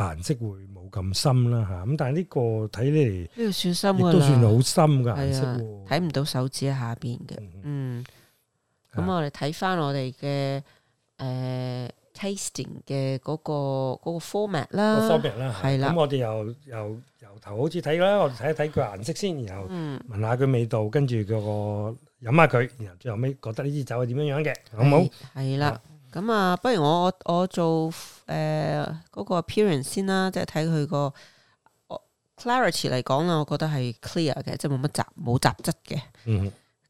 Speaker 2: 顏色會冇咁深啦吓。咁、啊、但係呢個睇嚟呢個算深，都算係好深嘅顏色、啊，
Speaker 1: 睇唔到手指喺下邊嘅、嗯嗯。嗯，咁我哋睇翻我哋嘅誒。tasting 嘅嗰、嗰個嗰、嗰個 format 啦，oh，format 啦，係啦。咁、嗯、我哋又又由頭好似睇啦，我哋睇一睇佢顏色先，然後
Speaker 2: 聞下佢味道，跟住、嗰個飲下佢，然後最後尾覺得呢支酒係點樣樣嘅，
Speaker 1: 好唔好？係啦，咁啊，不如我我做誒嗰、呃嗰個 appearance 先啦，即係睇佢個 clarity 嚟講啦，我覺得係 clear 嘅，即係冇乜雜冇雜質嘅。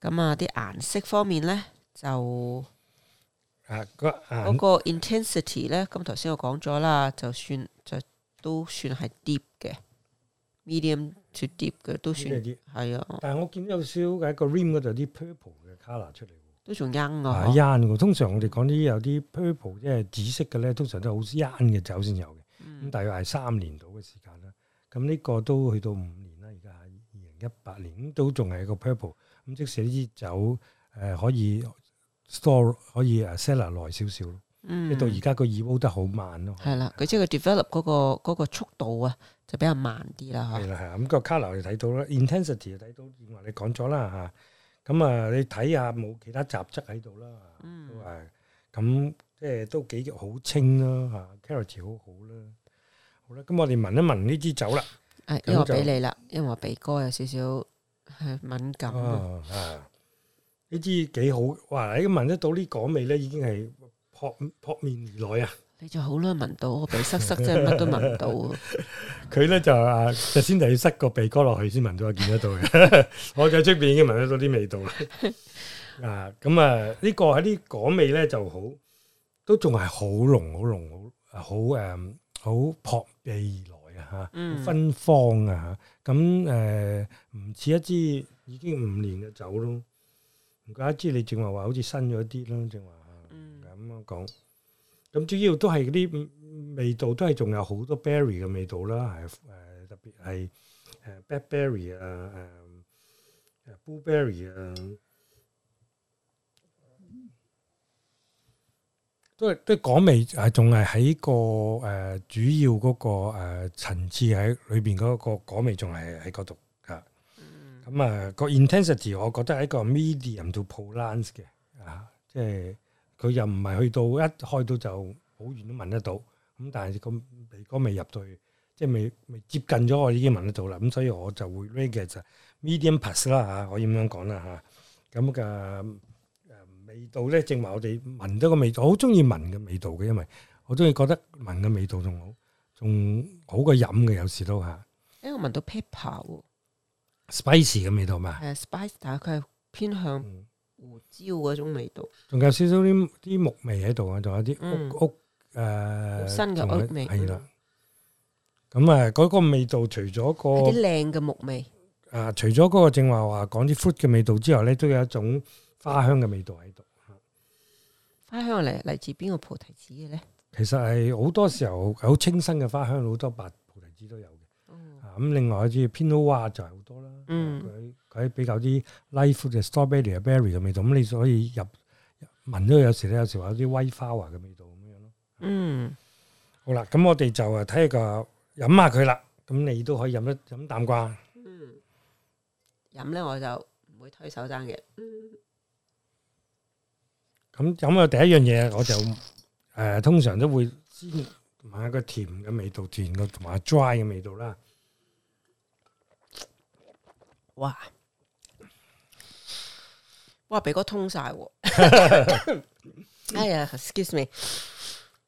Speaker 1: 咁啊、嗯，啲顏色方面咧就～嗰個 intensity 咧，咁頭先我講咗啦，就算就都算係 deep 嘅，medium to deep 嘅都算，係
Speaker 2: 啊。但係我見有少少喺個 rim 嗰度啲 purple 嘅 colour 出嚟
Speaker 1: 喎，都仲 young 啊
Speaker 2: ，young 嘅。通常我哋講啲有啲 purple，即係紫色嘅咧，通常都好 young 嘅酒先有嘅。咁大約係三年到嘅時間啦。咁呢個都去到五年啦，而家喺二零一八年，咁都仲係一個 purple。咁即使啲酒誒可以。Store 可以誒 sell 耐少少咯，
Speaker 1: 即係到而家
Speaker 2: 個 evolve 得好慢咯。
Speaker 1: 係啦，佢即係佢 develop 嗰個嗰個速度啊，就比較慢啲啦嚇。係啦係啊，咁個 colour 就睇到啦，intensity
Speaker 2: 又睇到，我你講咗啦嚇。咁啊，你睇下冇其他雜質喺度啦，都係咁，即係都幾好清啦嚇，clarity 好好啦。好啦，咁我哋聞一聞呢支酒啦。誒，咁我俾你
Speaker 1: 啦，因為我鼻哥有少少係敏感。
Speaker 2: 呢支幾好哇！聞得到呢果味咧，已經係撲撲面而來啊！你
Speaker 1: 就好耐聞到我鼻塞塞，真係乜都聞唔到
Speaker 2: 佢咧 就啊，首先就要塞個鼻哥落去先聞到，見得到嘅。 我喺出邊已經聞得到啲味道啦。 啊，咁、這、啊、個，呢個喺啲果味咧就好，都仲係好濃、好濃、好好誒，好撲鼻而來啊！吓、嗯，芬芳啊！咁、嗯、誒，唔似一支已經五年嘅酒咯。唔怪之，你正話話好似新咗啲啦，正話咁樣講。咁主要都係嗰啲味道，都係仲有好多 berry 嘅味道啦，係誒特別係誒 blackberry 啊，誒 blueberry 啊，都係都係果味啊，仲係喺個誒主要嗰個誒層次喺裏邊嗰個果味仲係喺嗰度。咁啊，個 intensity 我覺得係一個 medium to pronounced 嘅啊，即係佢又唔係去到一開到就好遠都聞得到，咁但係個鼻哥未入到，去，即係未未接近咗，我已經聞得到啦，咁所以我就會 rate 嘅就 medium plus、啊、啦嚇，可以咁樣講啦嚇，咁、啊、嘅、啊、味道咧，正話我哋聞到個味道，我好中意聞嘅味道嘅，因為我中意覺得聞嘅味道仲好，仲好過飲嘅有時都嚇。
Speaker 1: 誒、啊欸，我聞到 pepper
Speaker 2: Spicy 嘅味道嘛？
Speaker 1: 誒，Spicy，但係佢係偏向胡椒嗰種味道，仲
Speaker 2: 有少少啲啲木味喺度啊，仲有啲屋屋誒新嘅木味係啦。咁啊，嗰個味道除咗個
Speaker 1: 靚嘅木味
Speaker 2: 啊，除咗嗰個正話話講啲 fruit 嘅味道之外咧，都有一種花香嘅味道喺度。
Speaker 1: 花香嚟嚟自邊個菩提子嘅咧？
Speaker 2: 其實係好多時候好清新嘅花香，好多白菩
Speaker 1: 提子都有嘅。
Speaker 2: 啊，咁另外好似 Pinot 哇就係好多。嗯，佢佢比較啲 light 嘅 strawberry 嘅 berry 嘅味道，咁你所以入聞到有時咧有時話有啲威化嘅味道咁
Speaker 1: 樣咯。嗯，
Speaker 2: 好啦，咁我哋就啊睇個飲下佢啦，咁你都可以飲得飲啖啩。嗯，
Speaker 1: 飲咧我就唔會推手踭嘅。
Speaker 2: 咁咁啊第一樣嘢我就誒、呃、通常都會先聞下一個甜嘅味道，甜嘅同埋 dry 嘅味道啦。
Speaker 1: 哇！哇鼻哥通晒喎！哎呀，excuse me！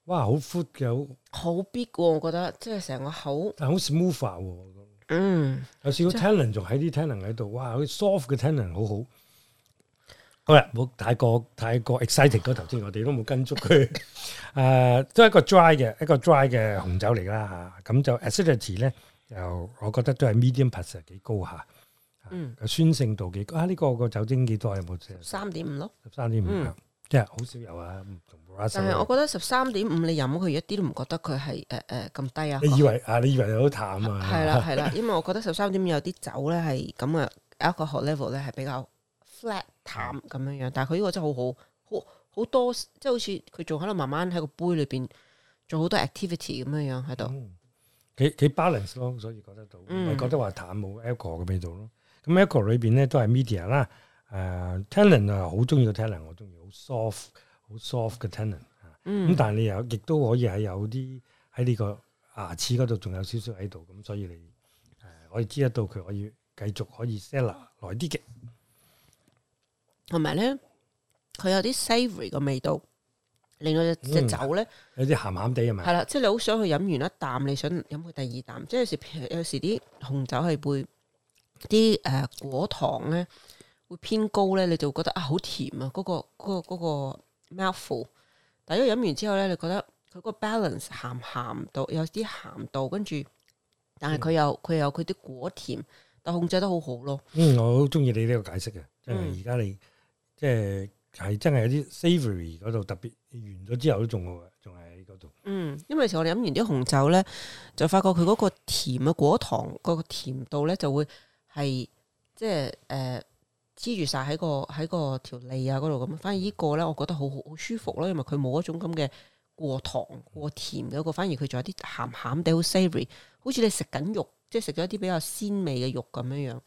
Speaker 2: 哇，好 full 嘅，好
Speaker 1: 好 big 嘅，我覺得即係成個口，但係
Speaker 2: 好 smooth 化喎。嗯，有少少 tannin 仲喺啲 tannin 喺度，哇，佢 soft 嘅 tannin 好好。好啦，唔好太過太過 exciting 嗰頭先，我哋都冇跟足佢。誒，都係一個 dry 嘅一個 dry 嘅紅酒嚟啦吓，咁就 acidity 咧，又我覺得都係 medium plus 幾高吓。嗯，酸性度幾高？啊呢個、這個酒精幾多？有冇？
Speaker 1: 三點五咯，
Speaker 2: 十三點五，即係好少有啊。但係我覺
Speaker 1: 得十三點五你飲佢一啲都唔覺得佢係誒誒咁低啊，啊！你以為
Speaker 2: 啊？你以為有啲淡啊？係啦係啦，啊啊啊啊、
Speaker 1: 因為我覺得十三點有啲酒咧係咁啊，alcohol level 咧係比較 flat 淡咁樣樣，但係佢呢個真係好好，好好，好多即係好似佢仲喺度慢慢喺個杯裏邊做好多 activity 咁樣樣喺度，
Speaker 2: 幾幾 balance 咯，所以覺得到唔係、嗯、覺得話淡冇 alcohol 嘅味道咯。咁 macro 裏邊咧都係 media 啦、呃，誒 tannin 啊好中意 tannin，我中意好 soft 好 soft 嘅 tannin。
Speaker 1: 咁但
Speaker 2: 係你又亦都可以喺有啲喺呢個牙齒嗰度仲有少少喺度，咁所以你誒、呃、我哋知得到佢可以繼續可以
Speaker 1: sell 嚟啲嘅。同埋咧，佢有啲 savory 嘅味道，另外隻酒咧、嗯、
Speaker 2: 有啲鹹鹹地係咪？係
Speaker 1: 啦、嗯，即係、就是、你好想去飲完一啖，你想飲佢第二啖。即係有時有時啲紅酒係會。啲誒果糖咧會偏高咧，你就覺得啊好甜啊！嗰個嗰個嗰個 mouthful，那個、但係因為飲完之後咧，你覺得佢個 balance 鹹鹹度有啲鹹度，跟住但係佢有，佢有佢啲果甜，但控制得好好咯。嗯，
Speaker 2: 我好中意你呢個解釋嘅，即係而家你即係係真係有啲 savory
Speaker 1: 嗰度特別完咗之後都仲仲係喺嗰度。嗯，因為有時我哋飲完啲紅酒咧，就發覺佢嗰個甜嘅果糖嗰個甜度咧就會。係即係誒，黐住晒喺個喺個條脷啊嗰度咁，反而個呢個咧，我覺得好好好舒服咯，啊，因為佢冇一種咁嘅過糖過甜嘅一個，反而佢仲有啲鹹鹹地，好 savory，好似你食緊肉，即係食咗一啲比較鮮味嘅肉咁樣樣。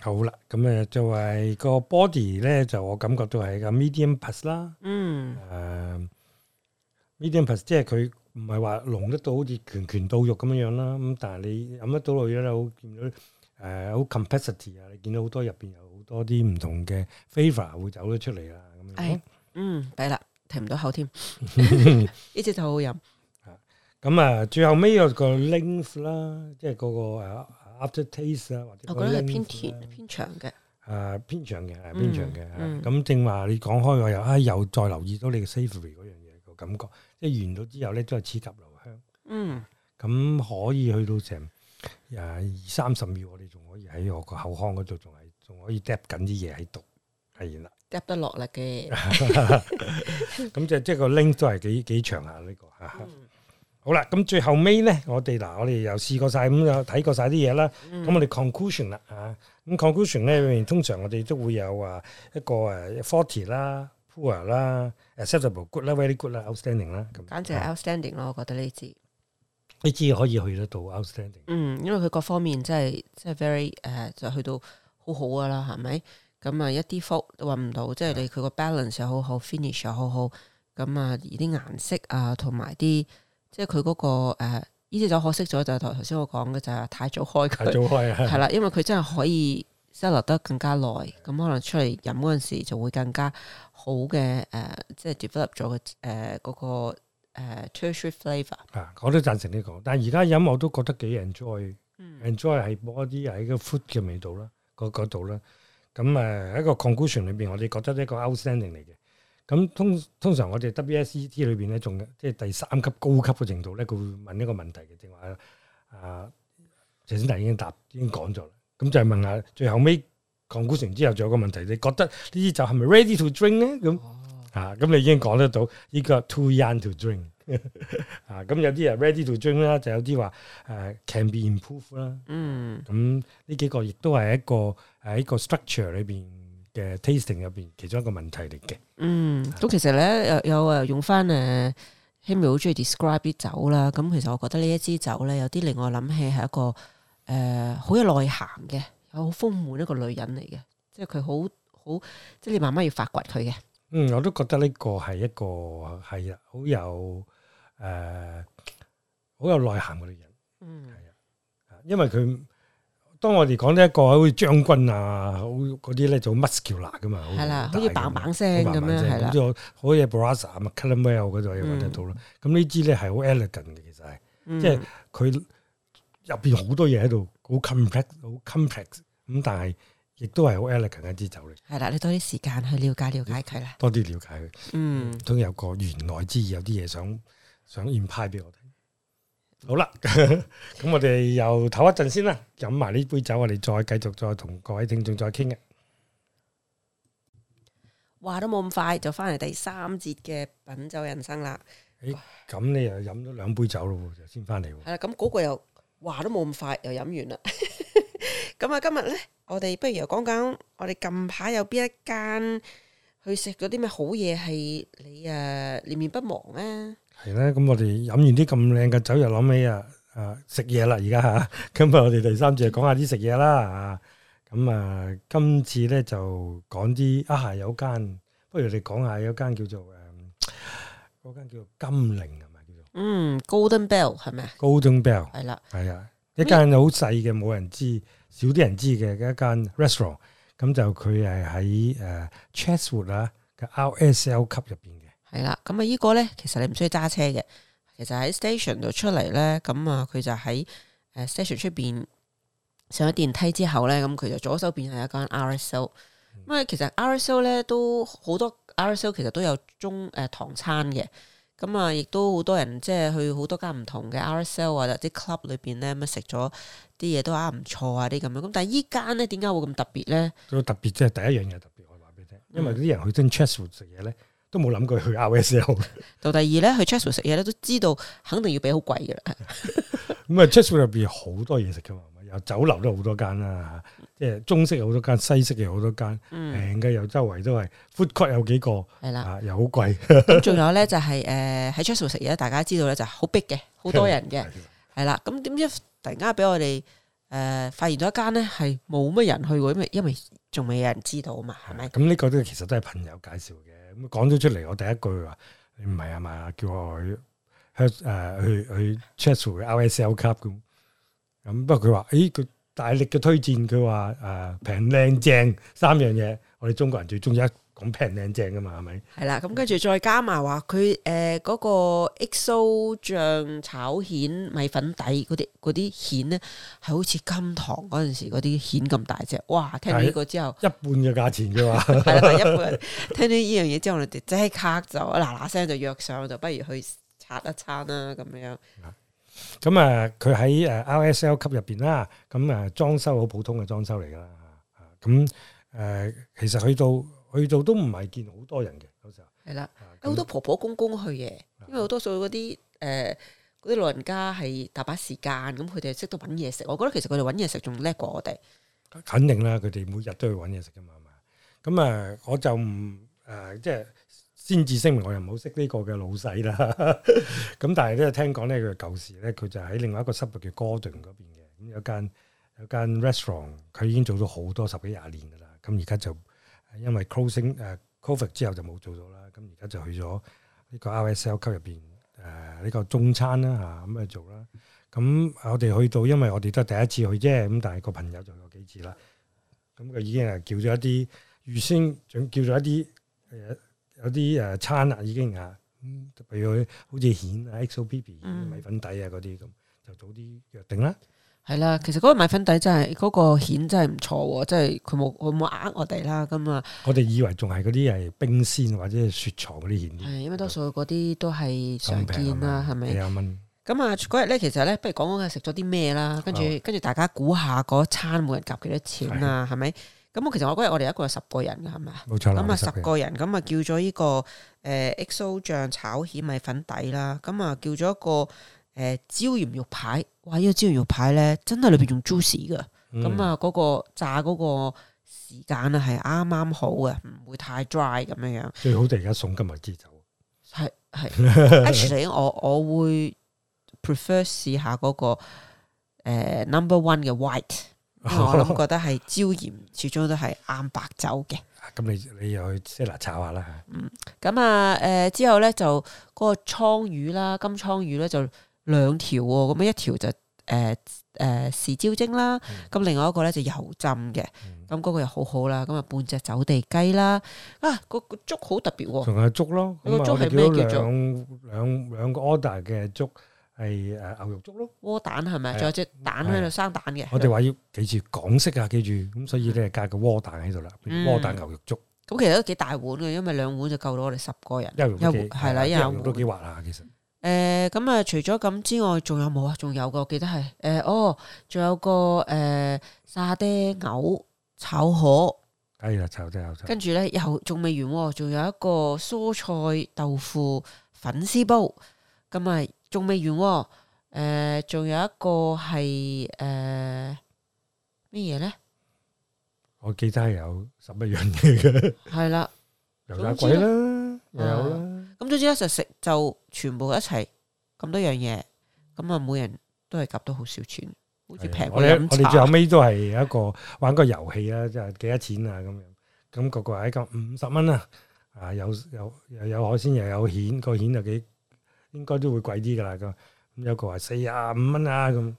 Speaker 1: 好
Speaker 2: 啦，咁啊，就係個 body 咧，就我感覺到係一個 medium plus 啦，嗯，誒、呃，medium plus，即係佢唔係話濃得到好似拳拳到肉咁樣樣啦，咁但係你飲得到落去咧，好見到。誒，好 complexity 啊！你見到好多入邊有好多啲唔同嘅 flavor 會走咗出嚟啊，咁樣。
Speaker 1: 嗯，弊啦，停唔到口添，呢隻就好飲。
Speaker 2: 咁啊，最後尾有個 length 啦，即係嗰個 after taste 啊，或者我覺得係偏
Speaker 1: 甜
Speaker 2: 偏長嘅。誒，偏長嘅，誒，偏長嘅。咁正話你講開我又啊，又再留意到你嘅 savory 嗰樣嘢個感覺，即係完咗之後咧都係齒頰留
Speaker 1: 香。嗯，
Speaker 2: 咁可以去到成廿二三十秒，我哋仲可以喺我個口腔嗰度，仲係仲可以嗒緊啲嘢喺度，係啦，
Speaker 1: 嗒得落啦嘅。
Speaker 2: 咁就即係個 link 都係幾幾長下呢個啊。好啦，咁最後尾咧，我哋嗱，我哋又試過晒咁又睇過晒啲嘢啦。咁我哋 conclusion 啦啊，咁 conclusion 咧，通常我哋都會有話一個誒，forty 啦，poor 啦，acceptable，good 啦，very good 啦，outstanding 啦。咁
Speaker 1: 簡直係 outstanding 咯，我覺得呢支。
Speaker 2: 你知可以去得到 outstanding。
Speaker 1: 嗯，因為佢各方面真係真係 very 誒、呃，就去到好好噶啦，係咪？咁啊，一啲福都搵唔到，的即係你佢個 balance 又好好，finish 又好好，咁啊，而啲顏色啊，同埋啲即係佢嗰個呢隻酒可惜咗就係頭頭先我講嘅就係、是、太早開佢。太早開啊！係啦他，因為佢真係可以 survive 得更加耐，咁的可能出嚟飲嗰陣時就會更加好嘅誒、呃，即係 develop 咗嘅誒嗰個。我都贊成呢個，但
Speaker 2: 係而家飲我都覺得幾 e n j o y e n j o y 係播一啲喺個 f o o d 嘅味道啦嗰度啦，咁咪喺個 c o n c l u s i o n 裏面我哋覺得一個 o u t s t a n d i n g 嚟嘅。咁通通常我哋 W S E T 裏面呢仲即係第三級高級嘅程度呢佢會問一個問題嘅，正話啊陳先生已經答已經講咗喇，咁就係問下最後尾 c o n c l u s i o n 之後仲有個問題你覺得呢啲酒係咪 r e a d y to drink 呢？啊，咁你已經講得到呢個 too young to drink 啊，咁有啲人 ready to drink 啦，就有啲話誒 can be improved 啦。嗯，咁呢、嗯、幾個亦都係一個喺一個 structure 裏邊嘅 tasting 入邊其中一個問題嚟嘅。嗯，
Speaker 1: 咁、啊、其實咧有，有用啊用翻誒 Henry 好中意 describe 啲酒啦。咁其實我覺得呢一支酒咧，有啲令我諗起係一個誒、呃、好有內涵嘅，好豐滿一個女人嚟嘅，即係佢好好，即係你慢慢要發掘佢嘅。
Speaker 2: 嗯，我都覺得呢個係一個係啊，好有誒，好、呃、有內涵嗰啲人。嗯，係啊，因為佢當我哋講呢、這、一個好似將軍啊，好嗰啲咧做 muscular 噶嘛，係啦，
Speaker 1: 好似棒棒 n g b 聲咁
Speaker 2: 樣，係啦。好似 Borasa 啊，咪 Colinwell 度又搵得到咯。咁呢支咧係好 elegant 嘅，其實係，嗯、即係佢入邊好多嘢喺度，好 complex，好 complex 咁，但係。亦都係好 elegant 一支酒嚟，
Speaker 1: 係啦，你多啲時間去了解了解佢啦，
Speaker 2: 多啲了解佢，嗯，都有個原來之意有，有啲嘢想想 imply 俾我。好啦，咁 我哋又唞一陣先啦，飲埋呢杯酒，我哋再繼續再同各位聽眾再傾嘅。
Speaker 1: 話都冇咁快就翻嚟第三節嘅品酒人生啦。誒，
Speaker 2: 咁你又飲咗兩杯酒咯，就先翻嚟。
Speaker 1: 係啦，咁嗰個又話都冇咁快，又飲完啦.。 咁啊，今日咧，我哋不如又講講，我哋近排有邊一間去食咗啲咩好嘢，係你誒念念不忘
Speaker 2: 咧、啊？係啦，咁我哋飲完啲咁靚嘅酒，又諗起啊啊食嘢啦，而家吓，咁啊今日我哋第三節講下啲食嘢啦，咁、嗯、啊今次咧就講啲啊係有間，不如你講下有間叫做誒，
Speaker 1: 嗰間叫做
Speaker 2: 金玲，係咪
Speaker 1: 叫做？嗯，是是嗯，Golden Bell 係咪
Speaker 2: ？Golden Bell 係啦了，係啊，一間好細嘅，冇人知。少啲人知嘅一間 restaurant，咁就佢係喺誒 Chatswood 啦，嘅 RSL 級入邊
Speaker 1: 嘅。係啦，咁啊依個咧，其實你唔需要揸車嘅。其實喺 station 度出嚟咧，咁啊佢就喺誒 station 出邊上咗電梯之後咧，咁佢就左手邊係一間 RSL，嗯。咁啊其實 RSL 咧都好多 RSL 其實都有中誒唐、呃、餐嘅。咁啊亦都好多人即係去好多間唔同嘅 RSL 或者啲 club 裏邊咧，咁啊食咗。啲嘢都啱唔錯啊！啲咁樣咁，但係依間咧點解會咁特別
Speaker 2: 咧？特別即係第一樣嘢特別，我話俾你聽，因為啲人去真 Chatswood 食嘢咧，都冇諗過去 RSL。
Speaker 1: 到第二咧，去 Chatswood 食嘢咧，都知道肯定要俾好貴嘅啦。
Speaker 2: 咁啊，Chatswood 入邊好多嘢食嘅嘛，由酒樓都好多間啦，即係中式好多間，西式嘅好多間，平嘅又周圍都係 food court 有幾個，
Speaker 1: 係啦，又
Speaker 2: 好貴。咁仲有
Speaker 1: 咧就係誒喺 Chatswood 食嘢咧，大家知道咧就係好逼嘅，好多人嘅，係啦。咁點知？突然間俾我哋誒、呃、發現咗一間咧，係冇乜人去喎，因為因為仲未有人知道啊嘛，係咪？咁
Speaker 2: 呢個都其實都係朋友介紹嘅，咁講咗出嚟，我第一句話：唔係啊嘛，叫我去、呃、去誒去去 check 吓 RSL Club 咁。咁、嗯、不過佢話：，誒佢大力嘅推薦，佢話誒平、靚、呃、正三樣嘢，我哋中國人最中意一。咁平靚正噶嘛，係咪？
Speaker 1: 係啦，咁跟住再加埋話佢誒嗰個 XO 醬炒蜆米粉底嗰啲嗰啲蜆咧，係好似金唐嗰陣時嗰啲蜆咁大隻，哇！聽到呢個之後，一半嘅價錢啫嘛，係啦， 一半。聽到呢樣嘢之後，我哋即 刻就嗱嗱聲就約上，就不如去刷一餐啦咁樣。
Speaker 2: 咁啊、嗯，佢、嗯、喺誒、嗯、RSL 級入邊啦，咁啊裝修好普通嘅裝修嚟啦。咁、嗯、誒、嗯嗯，其實去到。去做都唔係見好多人嘅，有
Speaker 1: 時候係啦，好、啊、多婆婆公公去嘅，啊、因為好多數嗰啲誒啲老人家係大把時間，咁佢哋識得揾嘢食。我覺得其實佢哋揾嘢食仲叻過我哋。
Speaker 2: 肯定啦，佢哋每日都去揾嘢食噶嘛嘛。咁啊、嗯，我就唔誒、呃，即係先至聲明，我又唔好識個、 嗯、呢個嘅老細啦。咁但係咧，聽講咧，佢舊時咧，佢就喺另外一個區域嘅 Gordon 嗰邊嘅，咁有間有間 restaurant，佢已經做咗好多十幾廿年噶啦。咁而家就。因為 closing 誒 Covid 之後就冇做到啦，咁而家就去咗呢個 RSL 級入邊誒呢個中餐啦嚇，咁、啊、去做啦。咁、嗯嗯、我哋去到，因為我哋都係第一次去啫，咁但係個朋友就去過幾次啦。咁、嗯、佢已經係叫咗一啲預先準叫咗一啲係、啊、有啲誒、啊、餐啦，已經嚇。咁譬如好似蜆 XO P b 米粉底啊嗰啲咁，嗯、就早啲約定啦。
Speaker 1: 係啦，其實嗰個米粉底、那個、真係嗰個蜆真係唔錯，即係佢冇佢冇呃我哋啦咁啊！
Speaker 2: 我哋以為仲係嗰啲係冰鮮或者雪藏嗰啲蜆。
Speaker 1: 係因為多數嗰啲都係常見啦，係咪？咁啊，嗰日咧，其實咧，不如講講下食咗啲咩啦，跟住跟住大家估下嗰餐每人夾幾多錢啊？係咪？咁其實我嗰日我哋一個十個人噶係咪？冇錯啦。咁啊十個人，咁啊錯叫咗呢個誒 xo 醬炒蜆米粉底啦，咁啊叫咗個誒椒鹽肉排。哇！呢、這個椒鹽肉排咧，真係裏邊用 juicy 噶，咁啊嗰個炸嗰個時間啊，係啱啱好嘅，唔會太 dry 咁樣樣。最好就而家送今日支酒。係係，actually 我我會 prefer 試下嗰、那個誒、呃、number one 嘅 white，我諗覺得係椒鹽 始終都係啱白酒嘅。咁你、啊、你又去即係嚟炒下啦吓、嗯。嗯，咁啊誒之後咧就嗰、那個倉魚啦，金倉魚咧就。就兩條喎，咁樣一條就誒誒豉椒蒸啦，咁另外一個咧就油浸嘅，咁嗰個又好好啦，咁啊半隻走地雞啦，啊個粥好特別喎，仲有粥咯，個粥係咩叫做？
Speaker 2: 兩兩個 order 嘅粥係誒牛肉粥
Speaker 1: 咯，窩蛋係咪？仲有隻蛋喺度生蛋嘅。我哋話要
Speaker 2: 記住港式啊，記住咁，所以咧加個窩蛋喺度啦，窩蛋牛肉粥。
Speaker 1: 咁其實都幾大碗嘅，因為兩碗就夠到我哋十個人。一碗係啦，一碗都
Speaker 2: 幾滑下其實。
Speaker 1: 誒，咁啊，除咗咁之外，仲有冇啊？仲有個我記得係誒，哦，仲有個誒沙爹牛炒河，
Speaker 2: 哎呀，炒仔牛炒。跟住
Speaker 1: 咧，又仲未完，仲有一個蔬菜豆腐粉絲煲，咁啊，仲未完，誒，仲有一個係誒咩嘢咧？
Speaker 2: 我記得係有十一樣嘢
Speaker 1: 嘅，係啦，油炸鬼啦，又有啦。咁總之咧就食就全部一齊咁多樣嘢，咁啊每人都係夾到好少錢，好似平過咁打。我哋最後尾
Speaker 2: 都係一個玩個遊戲啦，即係幾多錢啊咁樣。咁個個係一個五十蚊啦，啊有有又有海鮮又有蜆，個蜆就幾應該都會貴啲噶啦咁。咁有個話四十五蚊啊咁，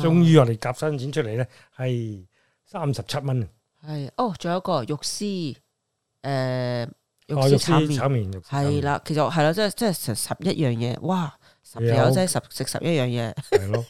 Speaker 1: 終於我
Speaker 2: 哋夾新錢出嚟咧係三十七蚊。
Speaker 1: 係哦，仲有一個肉絲誒。哦，炒麵，炒麵又係啦，其實係啦，即係即係十十一樣嘢，哇！十條友真係十食十一樣嘢，係咯。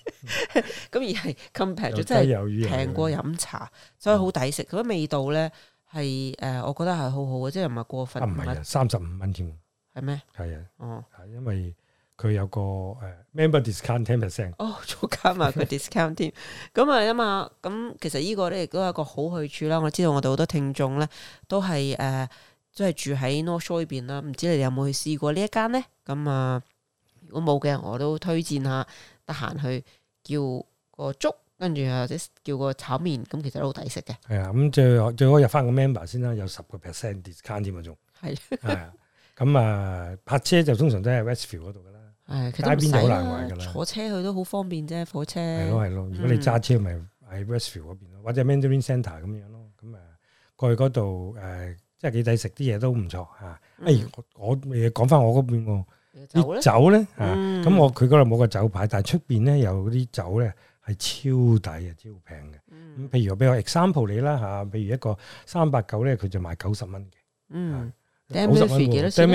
Speaker 1: 咁而係 compared 即係平過飲茶，所以好抵食。佢味道咧係誒，我覺得係好好嘅，即係唔係過分。唔係啊，三十五蚊添，係咩？係
Speaker 2: 啊，哦，係因為佢有個誒 member discount ten percent。
Speaker 1: 哦，仲加埋個 discount 添，咁啊嘛，咁其實呢個咧亦都係一個好去處啦。我知道我哋好多聽眾咧都係誒。都係住喺 North Shore 邊啦，唔知你哋有冇去試過一間呢一間咧？咁、嗯、啊，如果冇嘅，我都推薦下，得閒去叫個粥，跟住或者叫個炒麵，咁其實都好抵食嘅。
Speaker 2: 係啊，咁最最好入翻個 member 先啦，有十個 percent discount 添啊，仲係啊，咁啊，泊、嗯、車就通常都係 Westfield 嗰度噶啦，係街邊都好難買噶啦。坐
Speaker 1: 車去都好方便啫，火車係咯係咯，嗯、如果你揸車咪
Speaker 2: 喺 Westfield 嗰邊咯，或者 Mandarin Centre 咁樣咯，咁啊、嗯、過去嗰度誒。呃即係幾抵食啲嘢都唔錯嚇。誒、哎，我誒講翻我嗰邊喎，酒咧嚇。咁我佢嗰度冇個酒牌，但係出邊咧有啲酒咧係超抵啊，超平嘅。咁譬如，比如俾個 example 你啦嚇，譬如一個三百九咧，佢就賣九十蚊嘅。
Speaker 1: 嗯，Damavi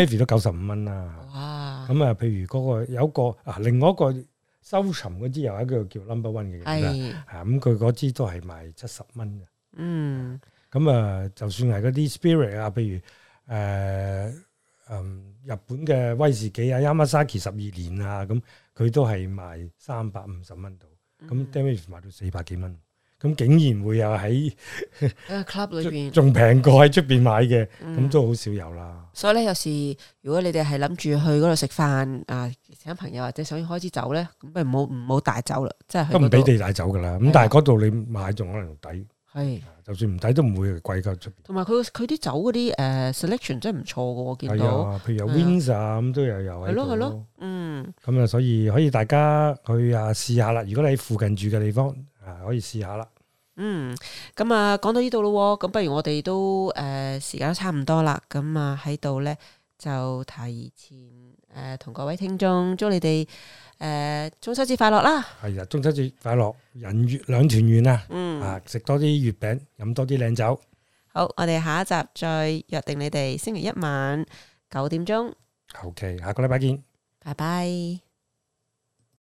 Speaker 1: 幾多都
Speaker 2: 九十五蚊啦。咁啊，啊，譬如嗰、那個有一個啊，另外一個收藏嗰支有一個叫 Number One 嘅嘢啦。係咁佢嗰支都係賣七十蚊嘅。嗯。咁啊，就算係嗰啲 spirit 啊，譬如誒嗯日本嘅威士忌啊，Yamazaki 十二年啊，咁佢都係賣三百五十蚊度，咁 David 賣到四百幾蚊，咁竟然會有喺
Speaker 1: club 裏邊仲平
Speaker 2: 過喺出邊買嘅，咁都好少有啦。
Speaker 1: 所以咧，有時如果你哋係諗住去嗰度食飯啊，請朋友或者想要開支酒咧，咁唔好唔好帶走啦，即係都唔俾你帶走
Speaker 2: 噶啦。咁但係嗰度你買仲可能抵。係，是就算唔睇都唔會貴過出
Speaker 1: 邊。同埋佢佢啲酒嗰啲誒 selection 真係唔錯噶，我見到。係啊，哎，譬如有 Winds
Speaker 2: 啊，咁都有有喺度。係咯係咯，嗯。咁啊，所以可以大家去啊試下啦。如果你喺附近住嘅地方啊，可以試下啦。
Speaker 1: 嗯，咁啊，講到呢度咯，咁不如我哋都誒，呃、時間都差唔多啦。咁啊喺度咧就提前誒同，呃、各位聽眾祝你哋，誒、呃，中秋節快樂啦！
Speaker 2: 係啊，中秋節快樂，人月兩團圓，嗯、啊！嗯，啊，食多啲月餅，飲多啲靚酒。
Speaker 1: 好，我哋下一集再約定你，你哋星期一晚九點鐘。
Speaker 2: O、okay, K，下個禮拜見，
Speaker 1: 拜拜。